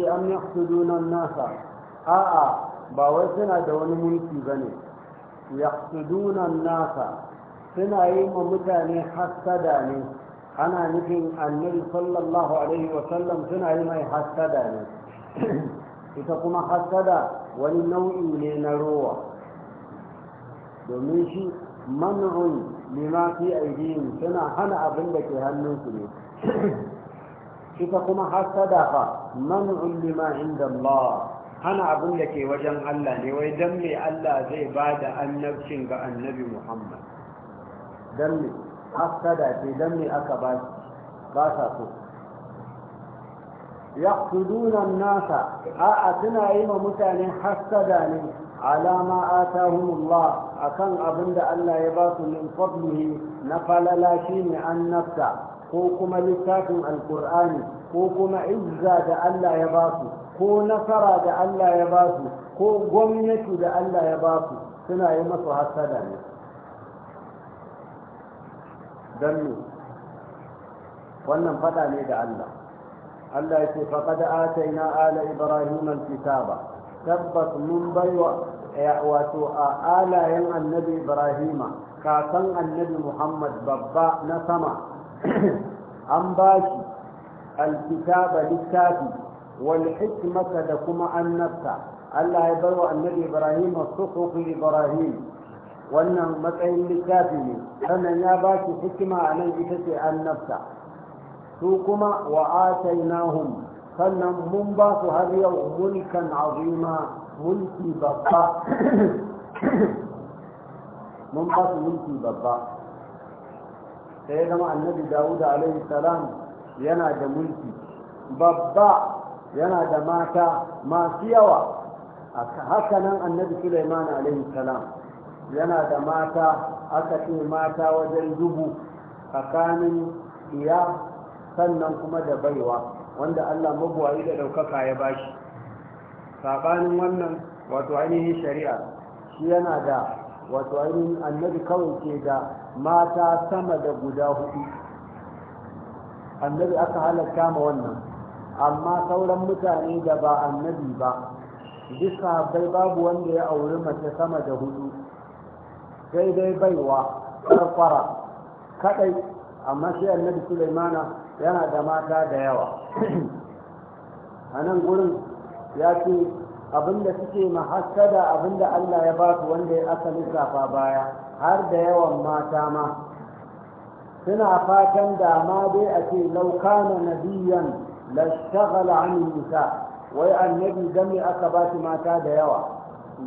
ce an yahsudunan nasa a'a ba wai suna da wani mulki ba ne bane yahsudunan nasa suna yi ma mutane hasada ne ana nufin annabi sallallahu alaihi wasallam suna yi mai hasada ne ita kuma hasada wani nau'i ne na rowa domin shi man'un lima fi aidihim suna hana abin da ke hannunsu ne ita kuma hasada fa man'un lima inda Allah hana abin da ke wajen Allah ne wai dan me Allah zai ba da annabcin ga annabi Muhammad dan me aka ce, dan me aka ba ba sa so yaqtuduna an-nasa a a suna yi ma mutane hasada ne ala ma Allah akan abin da Allah ya ba su min fadlihi na falala shine annabta ko kuma littafin alqur'ani ko kuma izza da Allah ya ba su ko nasara da Allah ya ba su ko gwamnati da Allah ya ba su suna yi masu hasada ne don ne wannan fada ne da Allah Allah ya ce faƙada ataina ala ibrahim kitaba tabbas mun baiwa eh, wato a alayen annabi ibrahima kakan annabi muhammad babba na sama <clears throat> an ba alkitaba littafi wal hikmata da kuma annabta Allah ya bar wa annabi Ibrahim suhufi Ibrahim wannan matsayin littafi ne sannan ya ba shi hikima a nan ita ce annabta su kuma wa atainahum sannan mun ba su har yau mulkan azima mulki babba mun ba su mulki babba sai zama annabi dawuda alaihi salam yana da mulki babba yana da mata masu yawa haka nan annabi suleiman alaihi salam yana da mata aka ce mata wajen dubu tsakanin iya sannan kuma da baiwa wanda allah mabuwayi da ɗaukaka ya bashi saɓanin wannan wato ainihin shari'a shi yana da wato ainihin annabi kawai ke da mata sama da guda hudu annabi aka halarta ma wannan amma sauran mutane da ba annabi ba Duka bai babu wanda ya auri mace sama da hudu sai dai baiwa farfara kadai amma shi annabi sulaimana yana da mata da yawa a nan gurin ya ce abinda suke mahassada abinda allah ya ba su wanda ya aka lissafa baya har da yawan mata ma suna fatan da ma dai a ce laukana nabiyan lashtaghala an nisa wai annabi dan aka ba mata da yawa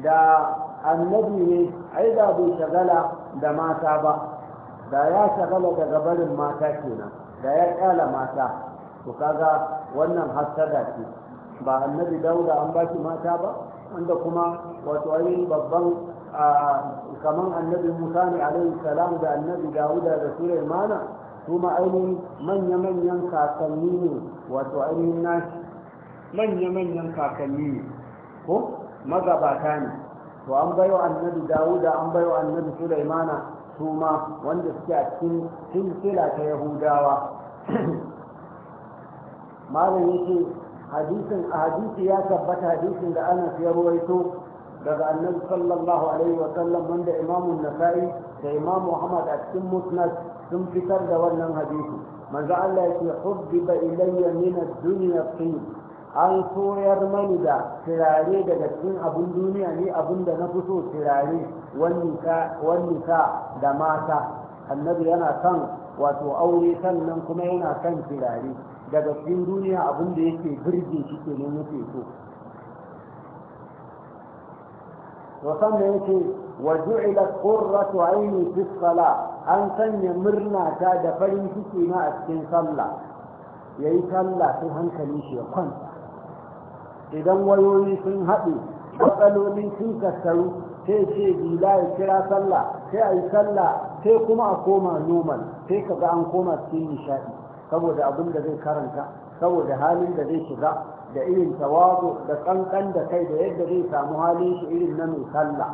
da annabi ne ai da bai shagala da mata ba da ya shagala daga barin mata kenan da ya kyala mata to kaga wannan hassada ce ba annabi dauda an ba shi mata ba wanda kuma wato ai babban kaman annabi musa ne alaihi salam da annabi dawuda da sulaimana su ma ainihin manya-manyan kakanni ne wato ainihin nashi manya-manyan kakanni ne ko magabata ne to an bayo annabi dawuda an bayo annabi sulaimana su ma wanda suke a cikin silsila ta yahudawa malam yake hadisin a hadisi ya tabbata hadisin da ana ya ruwaito daga annabi sallallahu alaihi wa sallam wanda imamu nasa'i da imamu ahmad a cikin musnad sun fitar da wannan hadisi manzo Allah yake hubbiba ilayya min ad-dunya tin an koyar mani da tirare daga cikin abun duniya ne abun da na fito tirare wani ka da mata annabi yana kan wato aure sannan kuma yana kan tirare daga cikin duniya abun da yake birge shi ke ne musamman ya ce wa ju'ilat qurratu aini fi salah an sanya murna ta da farin ciki na a cikin sallah yayi sallah sai hankali shi ya kwanta idan wayoyi sun haɗe matsaloli sun kasaru sai ce bila ya kira sallah sai a yi sallah sai kuma a koma normal sai ka ga an koma cikin nishaɗi saboda abin da zai karanta saboda halin da zai shiga da irin tawazu da kankan da kai da yadda zai samu halin shi irin na mai sallah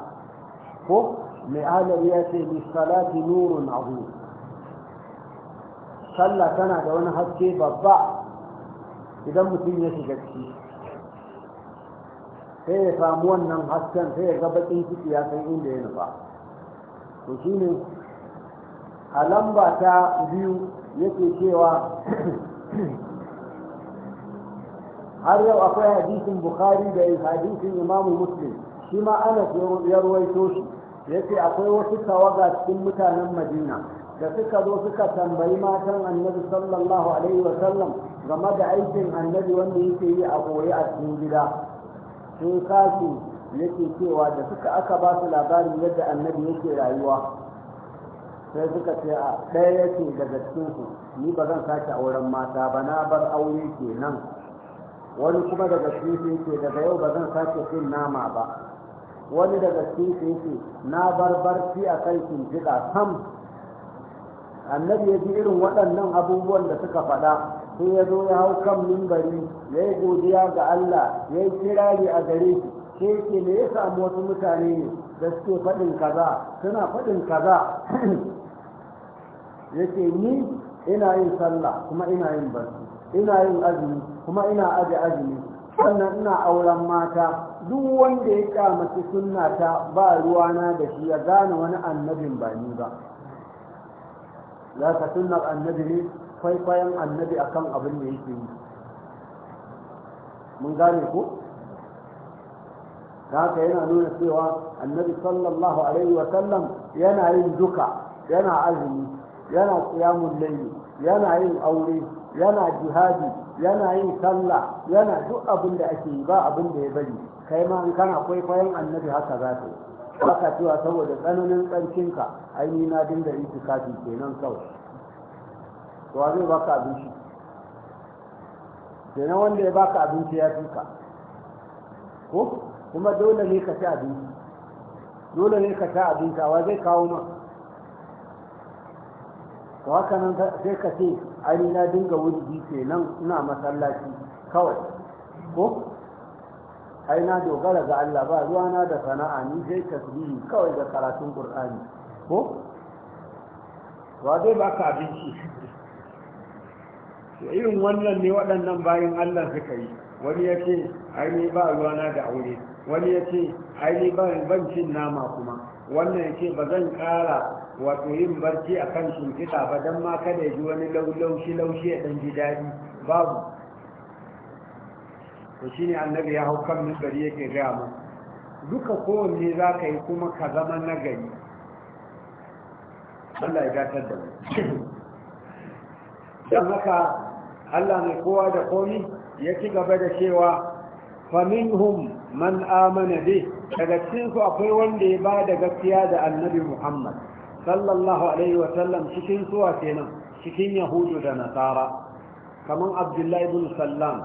ko mai ahalar ya ce bi salati nurun abu sallah tana da wani haske babba idan mutum ya shiga ciki sai ya samu wannan hasken sai ya ga bakin ciki ya san inda ya nufa to shine a lamba ta biyu yake cewa har yau akwai hadisin bukhari da hadisin imamu muslim shi ma ana ya ruwaito shi yace akwai wasu tawaga cikin mutanen madina da suka zo suka tambayi matan annabi sallallahu alaihi wa sallam game da aikin annabi wanda yake yi a goye a cikin gida sun kasu yake cewa da suka aka ba su labarin yadda annabi yake rayuwa sai suka ce a ɗaya yake daga cikinsu ni ba zan sake auren mata ba na bar aure kenan wani kuma daga cikin yake daga yau ba zan sake cin nama ba wani daga cikin yake na bar barci a kan jika. sam annabi ya ji irin waɗannan abubuwan da suka faɗa sai ya zo ya hau kan mimbari ya yi godiya ga Allah ya yi kirari a gare shi sai ke me ya samu wasu mutane ne da suke faɗin kaza suna faɗin kaza <clears throat> yake ni ina yin sallah kuma ina yin barci ina yin azumi kuma ina aji azumi sannan ina auren mata duk wanda ya kamaci sunna ta ba ruwana da shi ya gane wani annabin ba ni ba za ka sunnar annabi ne kwaikwayon annabi akan abin da yake yi mun gane ko da haka yana nuna cewa annabi sallallahu alaihi wa sallam yana yin duka yana azumi yana qiyamul layli yana yin aure yana jihadi yana yin sallah yana duk abin da ake yi ba abin da ya bari kai ma in kana kwaikwayon annabi haka za ka yi haka cewa saboda tsananin tsarkinka aini na dinga yi itikafi kenan kawai to zai baka abinci kenan wanda ya baka abinci ya fi ka ko kuma dole ne ka ci abinci dole ne ka ci abinci wa zai kawo ma to haka nan sai ka ce ai na dinga wujudi kenan ina masallaci kawai ko ai na dogara ga Allah ba ruwa na da sana'a ni sai tasbihi kawai da karatun Qur'ani ko wadai ba ka abinci to irin wannan ne waɗannan bayan Allah suka yi wani ya ce ai ni ba ruwa na da aure wani ya ce ai ni ba ban cin nama kuma wannan ya ce ba zan ƙara wato yin barci a kan shimfiɗa ba don ma kada ya ji wani laushi-laushi ya ɗan ji daɗi babu to shi ne annabi ya hau kan mimbari yake gaya mu duka kowanne za ka yi kuma ka zama nagari Allah ya gatar da mu don haka Allah mai kowa da komi ya ci gaba da cewa faminhum man amana bih daga cikinsu akwai wanda ya ba da gaskiya da annabi Muhammad sallallahu alaihi wa sallam cikin suwa kenan cikin yahudu da nasara kaman abdullahi ibn sallam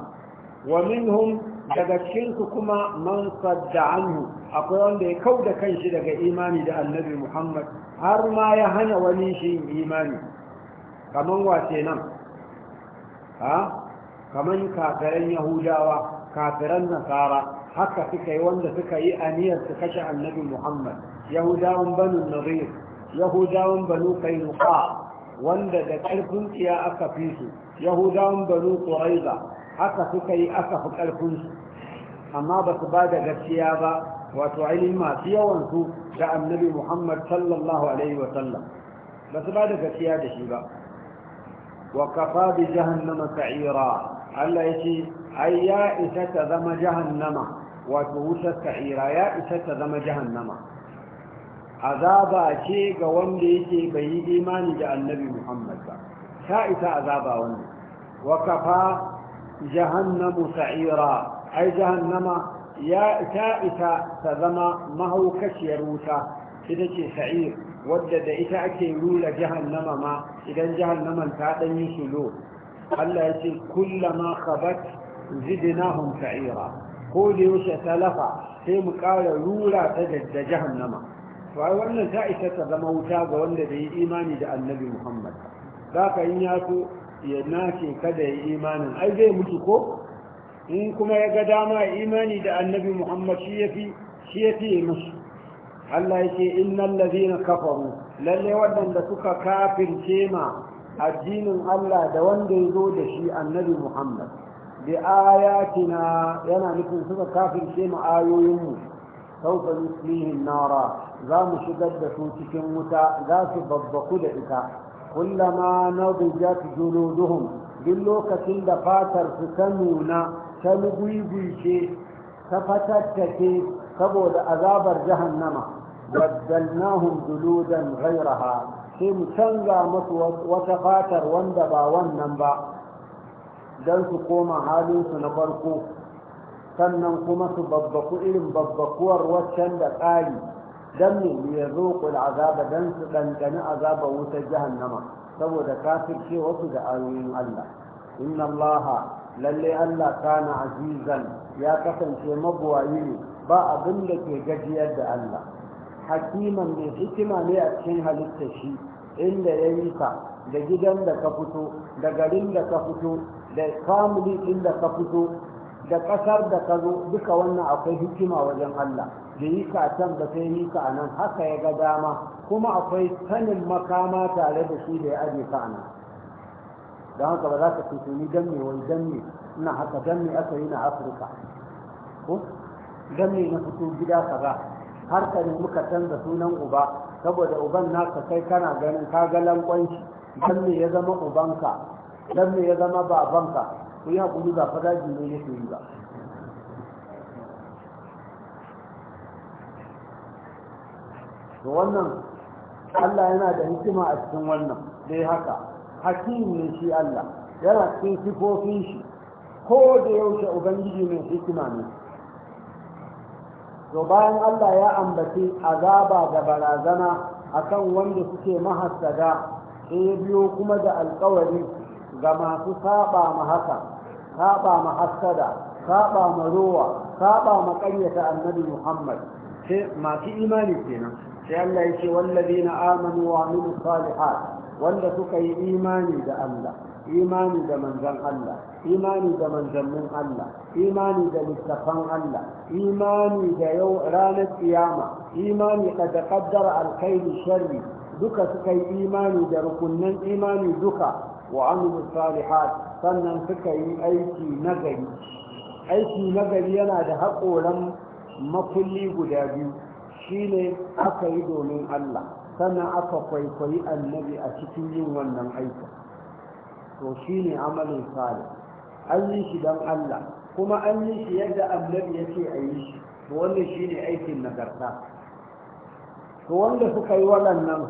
wa minhum daga cikin su kuma man sadda anhu akwai wanda ya kauda kanshi daga imani da annabi muhammad har ma ya hana wani shi imani kaman wa kenan ha kaman kafiran yahudawa kafiran nasara haka suka yi wanda suka yi aniyar su kashe annabi muhammad yahudawan banu nazir yahudawan banu kainuka wanda da ƙarfin tsiya aka fi su yahudawan banu ƙuraiza haka suka yi aka fi ƙarfinsu amma ba su ba da gaskiya ba wato ainihin masu yawansu da annabi muhammad sallallahu alaihi wasallam ba su ba da gaskiya da shi ba wa kafa bi jahannama sa'ira allah ya ce ai ya isa ta zama jahannama wato wutar sa'ira ya isa ta zama jahannama azaba ce ga wanda yake bai yi imani da annabi Muhammad ba ta isa azaba wannan wa kafa jahannamu sa'ira ai jahannama ya ta isa ta zama mahaukaciyar wuta ita ce sa'ir wadda da ita ake rula jahannama ma idan jahannaman ta dan yi shulo Allah ya ce kullama khabat zidnahum sa'ira ko da yaushe talafa sai mu ƙara rura ta da jahannama ba wannan ta isa ta zama wuta ga wanda bai yi imani da annabi muhammad za ka yi ya so ya nace kada ya yi imanin ai zai mutu ko in kuma ya ga dama imani da annabi muhammad shi ya fi shi ya fi musu allah ya ce innan lazina kafaru lalle waɗanda suka kafin cema addinin allah da wanda ya zo da shi annabi muhammad bi ayatina yana nufin suka kafin cema ayoyinmu sauka nuslihin nara za mu shigar da su cikin wuta za su babbaku da ita kullama nadijat juluduhum duk lokacin da fatar su ta nuna ta lugwigwice ta fatattake saboda azabar jahannama baddalnahum juludan ghayraha sai mu canza masu wata fatar wanda ba wannan ba don su koma halin su na farko sannan kuma su babbaku irin babbakuwar waccan da tsari. dan me ya kula azaba dan su ɗanɗani azaba wutar jahannama saboda ce wasu da ayoyin Allah inna Allah lalle Allah kana azizan ya kasance magwayi ne ba abin da ke gajiyar da Allah hakiman mai hikima ne a cikin halittar shi inda ya yi ka da gidan da ka fito da garin da ka fito da family din da ka fito da ƙasar da ka zo duka wannan akwai hikima wajen Allah da yi ka can ba sai yi ka nan haka ya ga dama kuma akwai sanin makama tare da shi da ya aje ka nan don haka ba za ka ce ni dan me wani dan me ina haka dan me aka yi na afirka ko dan me na fito gida ka ga har ka muka canza sunan uba saboda uban naka kai kana ganin ka ga lankwanci dan me ya zama ubanka dan me ya zama babanka ku yi haƙuri ba fadaji ne yake yi ba To wannan Allah yana da hikima a cikin wannan dai haka hakim ne shi Allah yana cikin sifofin shi ko da yaushe ubangiji mai hikima ne to bayan Allah ya ambaci azaba da barazana akan wanda suke mahassada sai biyo kuma da alkawari ga masu saba ma haka saba ma hassada saba ma rowa saba ma ƙaryata annabi Muhammad sai masu imani kenan sai Allah yake wallazina amanu wa amilu salihat wanda suka yi imani da Allah imani da manzon Allah imani da manzannin Allah imani da littafan Allah imani da yau ranar kiyama imani da kaddara alkhairi sharri duka suka yi imani da rukunnan imani duka wa amilu salihat sannan suka yi aiki nagari aiki nagari yana da haƙoran makulli guda biyu ne aka yi domin Allah sannan aka kwaikwayi annabi a cikin yin wannan aiki, to ne amalin salih an yi shi don Allah kuma an yi shi yadda annabi ya ce a yi shi to wannan ne aikin nagarta to wanda suka yi waɗannan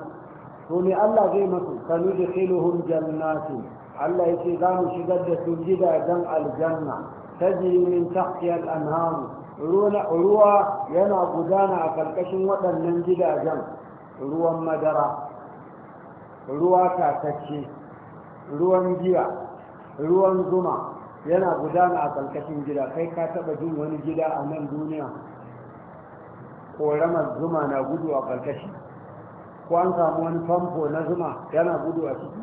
to ne Allah zai masu sanu da filuhun jannatin Allah ya ce za mu shigar da su gidajen aljanna ta min tahtiyar anharu ruwa yana gudana a ƙarƙashin waɗannan gidajen ruwan madara ruwa tatacce ruwan giya ruwan zuma yana gudana a ƙarƙashin gida kai ka taɓa jin wani gida a nan duniya ƙoramar zuma na gudu a ƙarƙashi ko an samu wani famfo na zuma yana gudu a ciki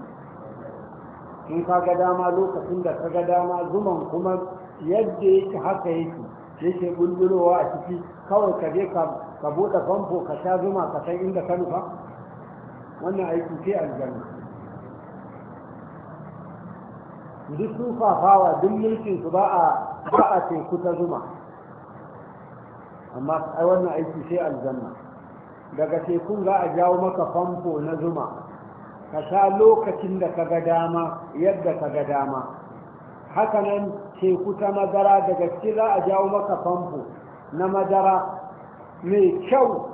in ka ga dama lokacin da ka ga dama zuman kuma yadda yake haka yake yake gundurowa a ciki kawai ka je ka bude famfo ka sha zuma ka san inda ka nufa wannan aiki sai aljanna duk tufafawa duk mulkin su ba a ba a teku ta zuma amma ai wannan aiki sai aljanna daga tekun za a jawo maka famfo na zuma ka sha lokacin da ka ga dama yadda ka ga dama haka nan teku ta madara daga ciki za a jawo maka famfo na madara mai kyau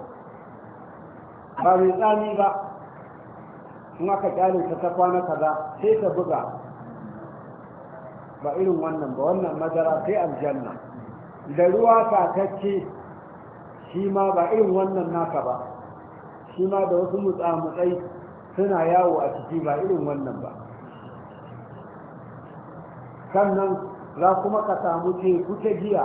ba mai tsami ba in aka kyale ta ta kwana kaza sai ta buga ba irin wannan ba wannan madara sai aljanna da ruwa kakacce shi ma ba irin wannan naka ba shi ma da wasu mutsamutsai suna yawo a ciki ba irin wannan ba sannan za kuma ka samu teku ta jiya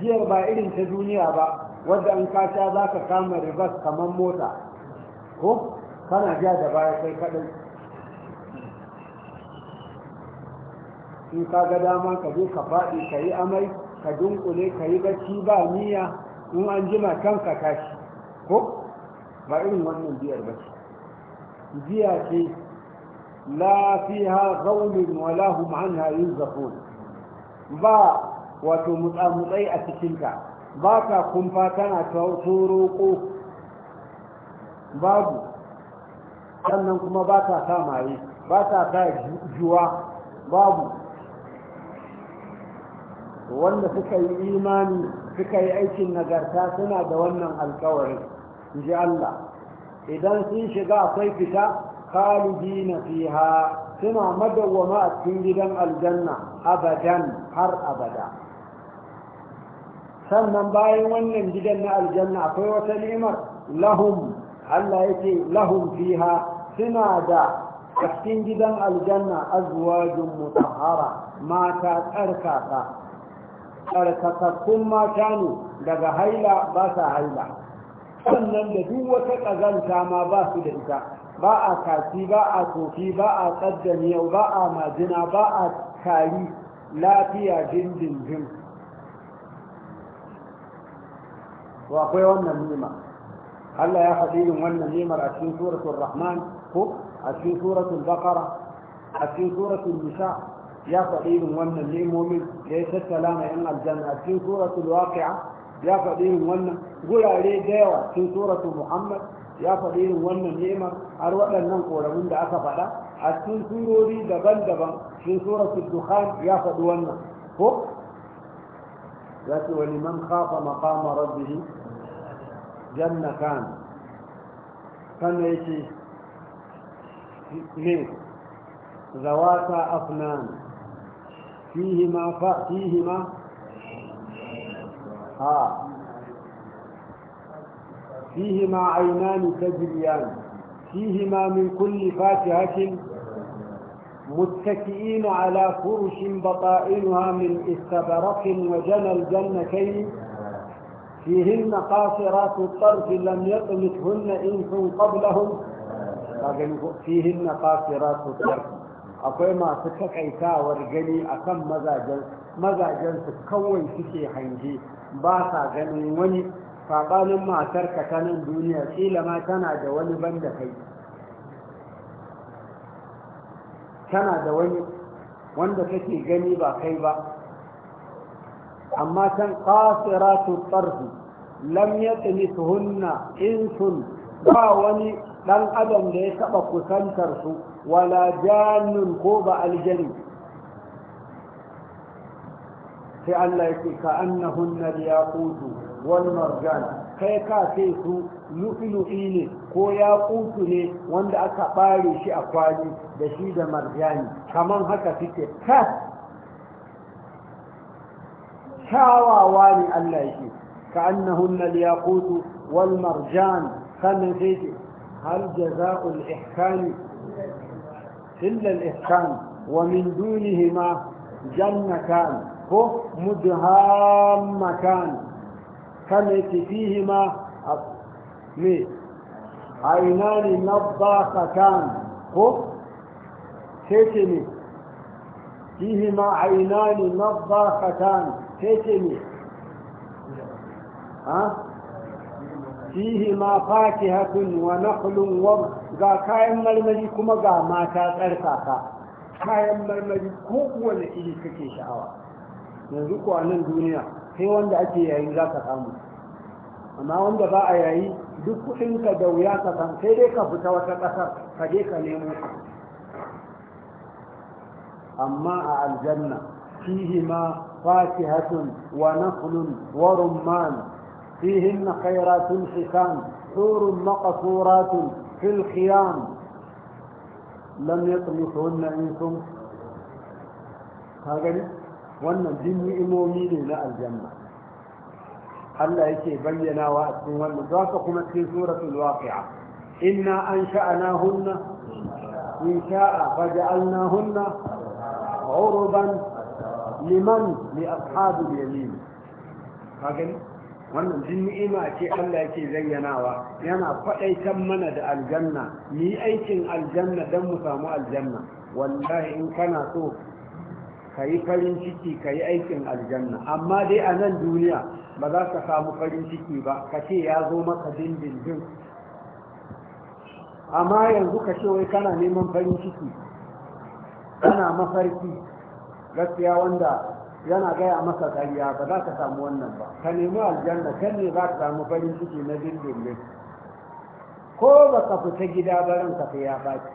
giyar ba irin ta duniya ba wadda an kasha za ka kama ribas kamar mota ko kana jiya da baya kai kaɗai in ka ga dama ka je ka faɗi ka yi amai ka dunkule ka yi bacci ba niyya in an jima kanka tashi ko ba irin wannan biyar ba ce ce la fiha ghawlun wa lahum anha yunzafun ba wato mutsamutsai a cikinta ba ta kumfa tana babu sannan kuma ba ta sa maye ba ta sa juwa babu wanda suka yi imani suka yi aikin nagarta suna da wannan alkawarin ji Allah idan sun shiga akwai fita khalidina fiha suna madawwama a cikin gidan aljanna abadan har abada sannan bayan wannan gidan na aljanna akwai wata ni'imar lahum Allah suna da cikin gidan aljanna azwajun mutahhara mata tsarkaka tsarkakakkun mata ne daga haila ba sa haila sannan da duk wata ƙazanta ma ba su da ita ba a kafi ba a tofi ba a tsaddamiyau ba a majina ba a kari lafiya dindindin to akwai wannan nima Allah ya faɗi irin wannan nimar a cikin suratul rahman ko a cikin suratul baqara a cikin suratul nisa ya faɗi irin wannan nimomin da ya tattala mai yan aljanna a cikin suratul waqi'a ya faɗi irin wannan gurare da yawa cikin suratul muhammad ya faɗi irin wannan ni'imar har waɗannan ƙoramin da aka faɗa a cikin surori daban-daban cikin suratul dukhan ya faɗi wannan ko ya ce wani man khafa maqama rabbih jannatan sannan yake ne zawata afnan fihima fa fihima ha فيهما عينان تجريان فيهما من كل فاكهة متكئين على فرش بطائنها من استبرق وجنى الجنتين فيهن قاصرات الطرف لم يطمثهن انس قبلهم فيهن قاصرات الطرف أقول ما takaitawar gani akan أكم mazajen su kawai suke hange ba sa وني saɓanin matarka ta nan duniya kila ma tana da wani banda kai tana da wani wanda kake gani ba kai ba amma can qasiratu tarfi lam in insun ba wani ɗan adam da ya taɓa kusantar su wala jannun ko ba aljani sai Allah yake ka annahunna yaqutu wal marjan kai ka ce su lu'ulu'i ne ko ya kutu ne wanda aka bare shi a kwali da shi da marjani kaman haka suke kas kyawawa ne Allah yake ka annahunna al-yaqut wal marjan kana sai hal jaza'ul ihsani illa al-ihsan wa min dunihima jannatan ko mudhammatan kan yake fihi ma me ainani nabbaqatan ko sai ce fihima fihi ma ainani nabbaqatan sai ce ne ha fihima ma fakihatun wa nahlun wa ga kayan marmari kuma ga mata tsarkaka kayan marmari ko wani iri kake sha'awa yanzu ko a nan duniya sai wanda ake yayi za ka samu amma wanda ba a yayi duk kuɗinka da wuya ka san sai dai ka fita wata ƙasar ka je ka nemo amma a aljanna fihima فاكهة ونخل ورمان فيهن خيرات حسان حور مقصورات في الخيام لم يطمثهن انس هكذا wannan duk ni'imomi ne na aljanna Allah yake bayyanawa a cikin wannan za ka kuma cikin suratul waqi'a inna an sha'anahunna in sha'a faja'alnahunna urban liman li ashabil yamin kaga wannan duk ni'ima ce Allah yake zayyanawa yana faɗaitan mana da aljanna ni aikin aljanna dan mu samu aljanna wallahi in kana so ka yi farin ciki ka yi aikin aljanna amma dai a nan duniya ba za ka samu farin ciki ba ka ce ya zo maka dindindin amma yanzu ka ce wai kana neman farin ciki kana mafarki gaskiya wanda yana gaya masa karya ba za ka samu wannan ba ka nemi aljanna kan ne za ka samu farin ciki na dindindin ko ba ka fita gida ba ranka ka ya baki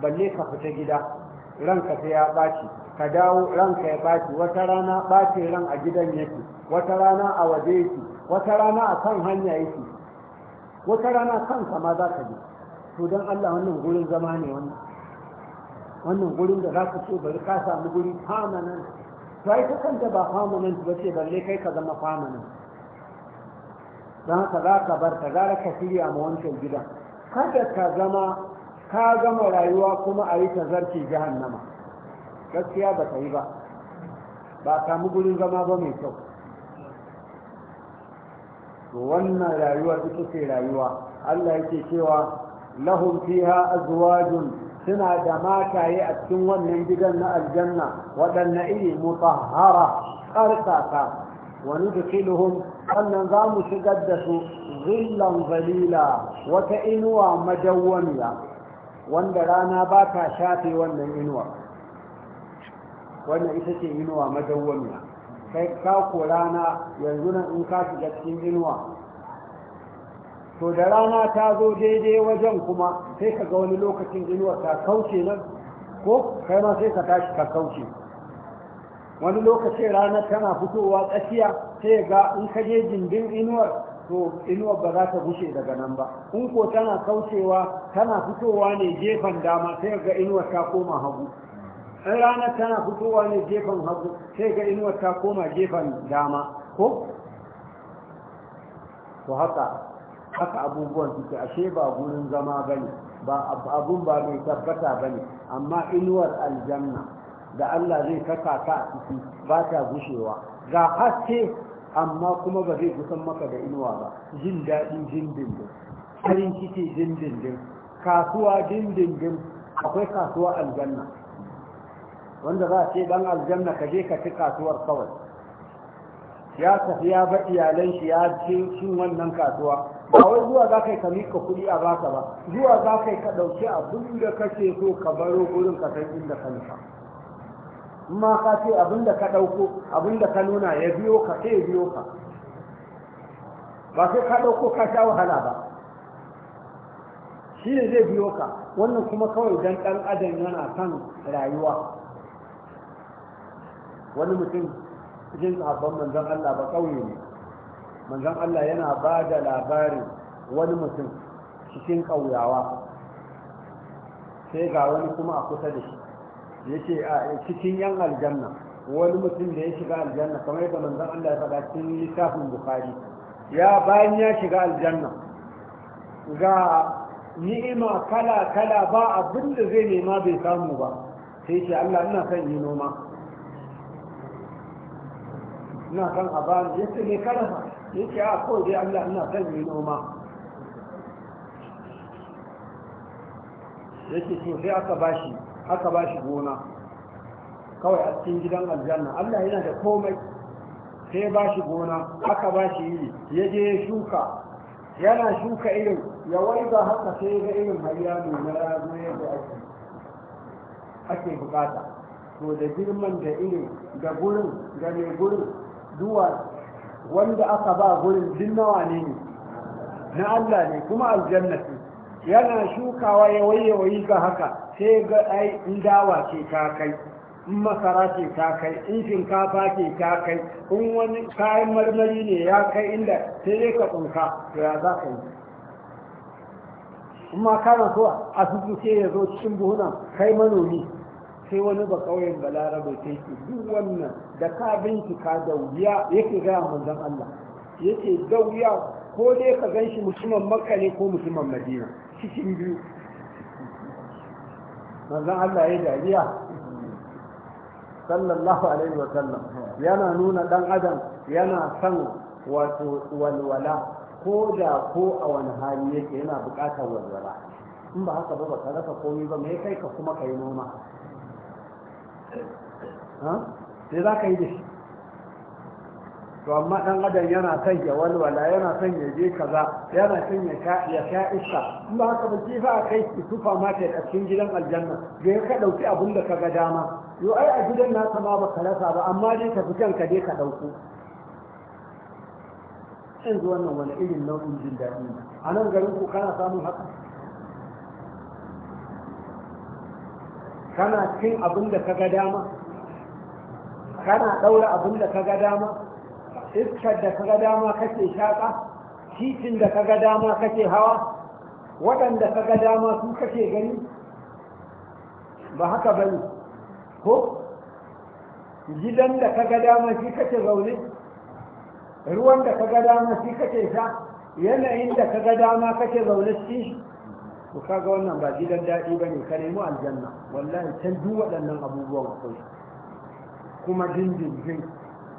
balle ka fita gida ranka sai ya ɓaci ka dawo ranka ya ɓaci wata rana ɓacin ran a gidan yake wata rana a waje yake wata rana a kan hanya yake wata rana kan sama za ka je to don Allah wannan gurin zama ne wannan wannan gurin da za ka so bari ka samu guri nan, to ai kanta ba permanent ba ce balle kai ka zama permanent don haka za ka bar ta gara ka shirya ma wancan gidan kada ka zama ka gama rayuwa kuma a yi tazarci jahannama gaskiya ba ta yi ba ba a samu gurin zama ba mai kyau wannan rayuwa ita ce rayuwa Allah yake cewa lahum fiha azwajun suna da mataye a cikin wannan gidan na aljanna waɗanne iri mutahhara Wani da nudkhiluhum sannan za mu shigar da su zillan zalila wata inuwa madawwamiya wanda rana ba ta shafe wannan inuwa wannan ita ce inuwa madawwamiya kai ka ko rana yanzu nan in ka shiga cikin inuwa to da rana ta zo daidai wajen kuma sai ka ga wani lokacin inuwar ta kauce nan ko kai ma sai ka tashi ka kauce wani lokacin rana tana fitowa tsakiya sai ga in ka je jindin inuwar to inuwar ba za ta gushe daga nan ba in ko tana kaucewa tana fitowa ne gefen dama sai ga inuwa ta koma hagu in ranar tana fitowa ne gefen hagu sai ga inuwa ta koma gefen dama ko to haka haka abubuwan suke ashe ba gurin zama bane ba abun ba mai tabbata ba ne. amma inuwar aljanna da Allah zai kaka ta a ciki ba ta gushewa ga haske amma kuma ba zai kusan maka da inuwa ba jin daɗi dindindin farin ciki dindin, kasuwa dindin. akwai kasuwa aljanna wanda za a ce dan aljanna ka je ka ci kasuwar kawai ya tafi ya ba iyalan shi ya ce shin wannan kasuwa ba wai zuwa za ka yi ka mika kuɗi a baka ba zuwa za ka yi ka ɗauki abin da kake so ka baro gurin ka san inda ka nufa in ma ka ce abinda ka ɗauko abinda ka nuna ya biyo ka ce ya biyo ka ba sai ka ɗauko ka sha wahala ba shi ne zai biyo ka wannan kuma kawai don ɗan adam yana kan rayuwa wani mutum jin abban Manzon Allah ba ƙauye ne Manzon Allah yana ba da labarin wani mutum cikin ƙauyawa sai ga wani kuma a kusa da shi yace a cikin yan aljanna wani mutum da ya shiga aljanna kamar yadda manzon Allah ya faɗa cikin littafin Bukhari ya bayan ya shiga aljanna ga ni'ima kala kala ba abin da zai nema bai samu ba sai ce Allah ina son yi noma ina son a bani yace me karafa yace a ko dai Allah ina son yi noma yace to sai aka bashi aka ba shi gona kawai a cikin gidan aljanna Allah yana da komai sai ba shi gona aka ba shi yi. ya je shuka yana shuka irin ya wai ba haka sai ga irin hariya nuna ya zo yadda ake ake bukata to da girman da irin da gurin da mai gurin duwa wanda aka ba gurin din nawa ne ne na Allah ne kuma aljanna yana shukawa ya waiwayi ga haka sai ga ai in dawa ce ta kai in masara ce ta kai in shinkafa ce ta kai in wani kayan marmari ne ya kai inda sai dai ka tsunka to ya za ka yi amma kana so a su sai ya zo cikin buhunan kai manomi sai wani ba kauyen balarabe sai ke duk wannan da ka bincika da wuya yake gaya manzon Allah yake da wuya ko dai ka ganshi shi mutumin makka ne ko mutumin madina cikin biyu manzon Allah ya yi dariya sallallahu alaihi wa sallam yana nuna dan adam yana son wato walwala ko da ko a wani hali yake yana buƙatar walwala in ba haka ba ba ka rasa komai ba me kai ka kuma kai noma sai za ka yi da to amma dan adam yana son ya walwala yana son ya je kaza yana son ya ka ya ka iska in ba haka ba ki fa kai ki supermarket a cikin gidan aljanna ga ya ka dauki abun da kaga dama yo ai a gidan naka ma ba rasa ba amma dai ka fitan ka dai ka dauko zuwa nan wani irin nau'in jin daɗi a nan garin ku kana samun haka kana cin abin da kaga dama kana ɗaura abin da kaga dama iskar da kaga dama kake shaƙa titin da kaga dama kake hawa waɗanda kaga dama su kake gani ba haka ba ne ko gidan da kaga dama shi kake zaune ruwan da kaga dama shi kake sha yanayin da kaga dama kake zaune shi Ko kaga wannan ba gidan daɗi ba ne ka nemi aljanna wallahi can duk waɗannan abubuwan akwai kuma jin-jin-jin.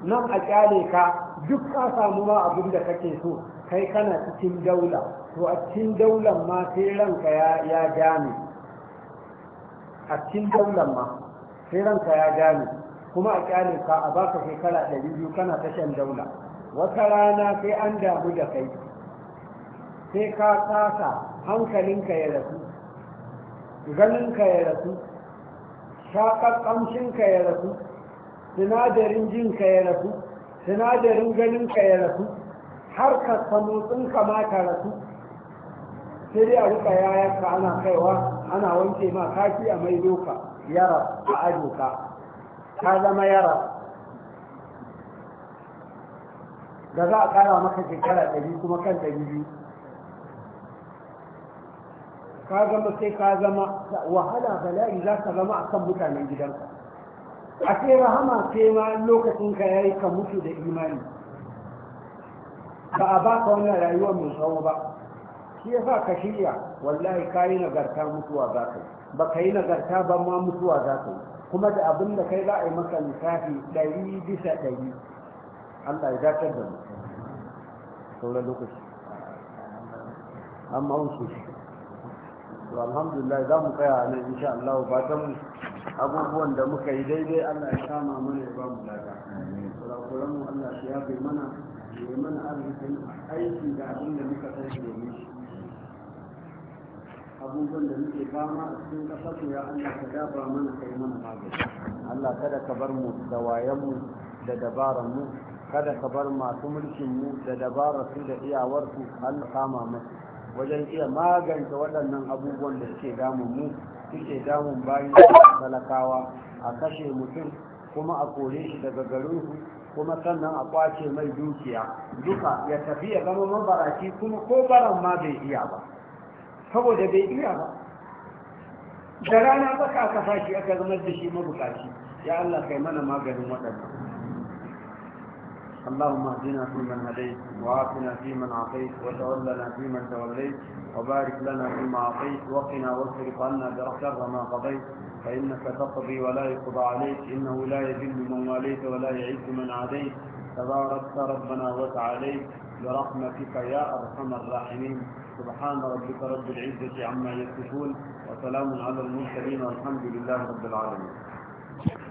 nan a kyale ka duk ka samu ma abin da kake so kai kana cikin daula to a cikin daulan ma sai ranka ya gane a cikin daulan ma sai ranka ya gane kuma a kyale ka a baka shekara ɗari biyu kana shan daula wata rana sai an damu da kai sai ka kasa hankalinka ya rasu ganinka ya rasu shakar ƙamshinka ya rasu sinadarin jinka ya rasu sinadarin ganinka ya rasu har ka sanutsinka ma ka rasu sai dai a rika yayanka ana kaiwa ana wanke ma kashi a mai doka yara a ajoka ka zama yara da za a kara maka shekara ɗari kuma kan ɗari biyu ka zama sai ka zama wahala bala'i za ka zama a kan mutanen gidanka a ce rahama ce ma lokacin ka yayi ka mutu da imani ba a ba ka wannan rayuwar mai tsawo ba shi yasa ka shirya wallahi ka yi nagarta mutuwa za ka yi ba ka yi nagarta ba ma mutuwa za ka yi kuma da abin da kai za a yi maka lissafi ɗari bisa ɗari allah ya dakatar da mu sauran lokaci an ma'auce shi to alhamdulillah za mu tsaya nan insha allah ba ta mu abubuwan da muka yi daidai Allah ya kama mana ya ba mu lada kurakuran mu Allah ya yafe mana ya mana arzikin aiki da abin da muka sai domin shi abubuwan da muke fama a cikin kasar ya Allah ka dafa mana kai mana magani Allah kada ka bar mu da wayan mu da dabaran mu kada ka bar masu mulkin mu da dabarar su da iyawar su Allah kama mana wajen iya magance waɗannan abubuwan da suke damun mu suke damun bayan talakawa a kashe mutum kuma a kore shi daga garinsu kuma sannan a kwace mai dukiya duka ya tafi ya zama kuma ko baran ma bai iya ba saboda bai iya ba da rana baka ka fashi aka zama da shi mabukaci ya Allah kai mana maganin waɗannan اللهم اهدنا فيمن هديت وعافنا فيمن عافيت وتولنا فيمن توليت وبارك لنا فيما اعطيت وقنا واصرف عنا شر ما قضيت فانك تقضي ولا يقضى عليك انه لا يذل من واليت ولا يعز من عاديت تباركت ربنا وتعاليت برحمتك يا ارحم الراحمين سبحان ربك رب العزه عما يصفون وسلام على المرسلين والحمد لله رب العالمين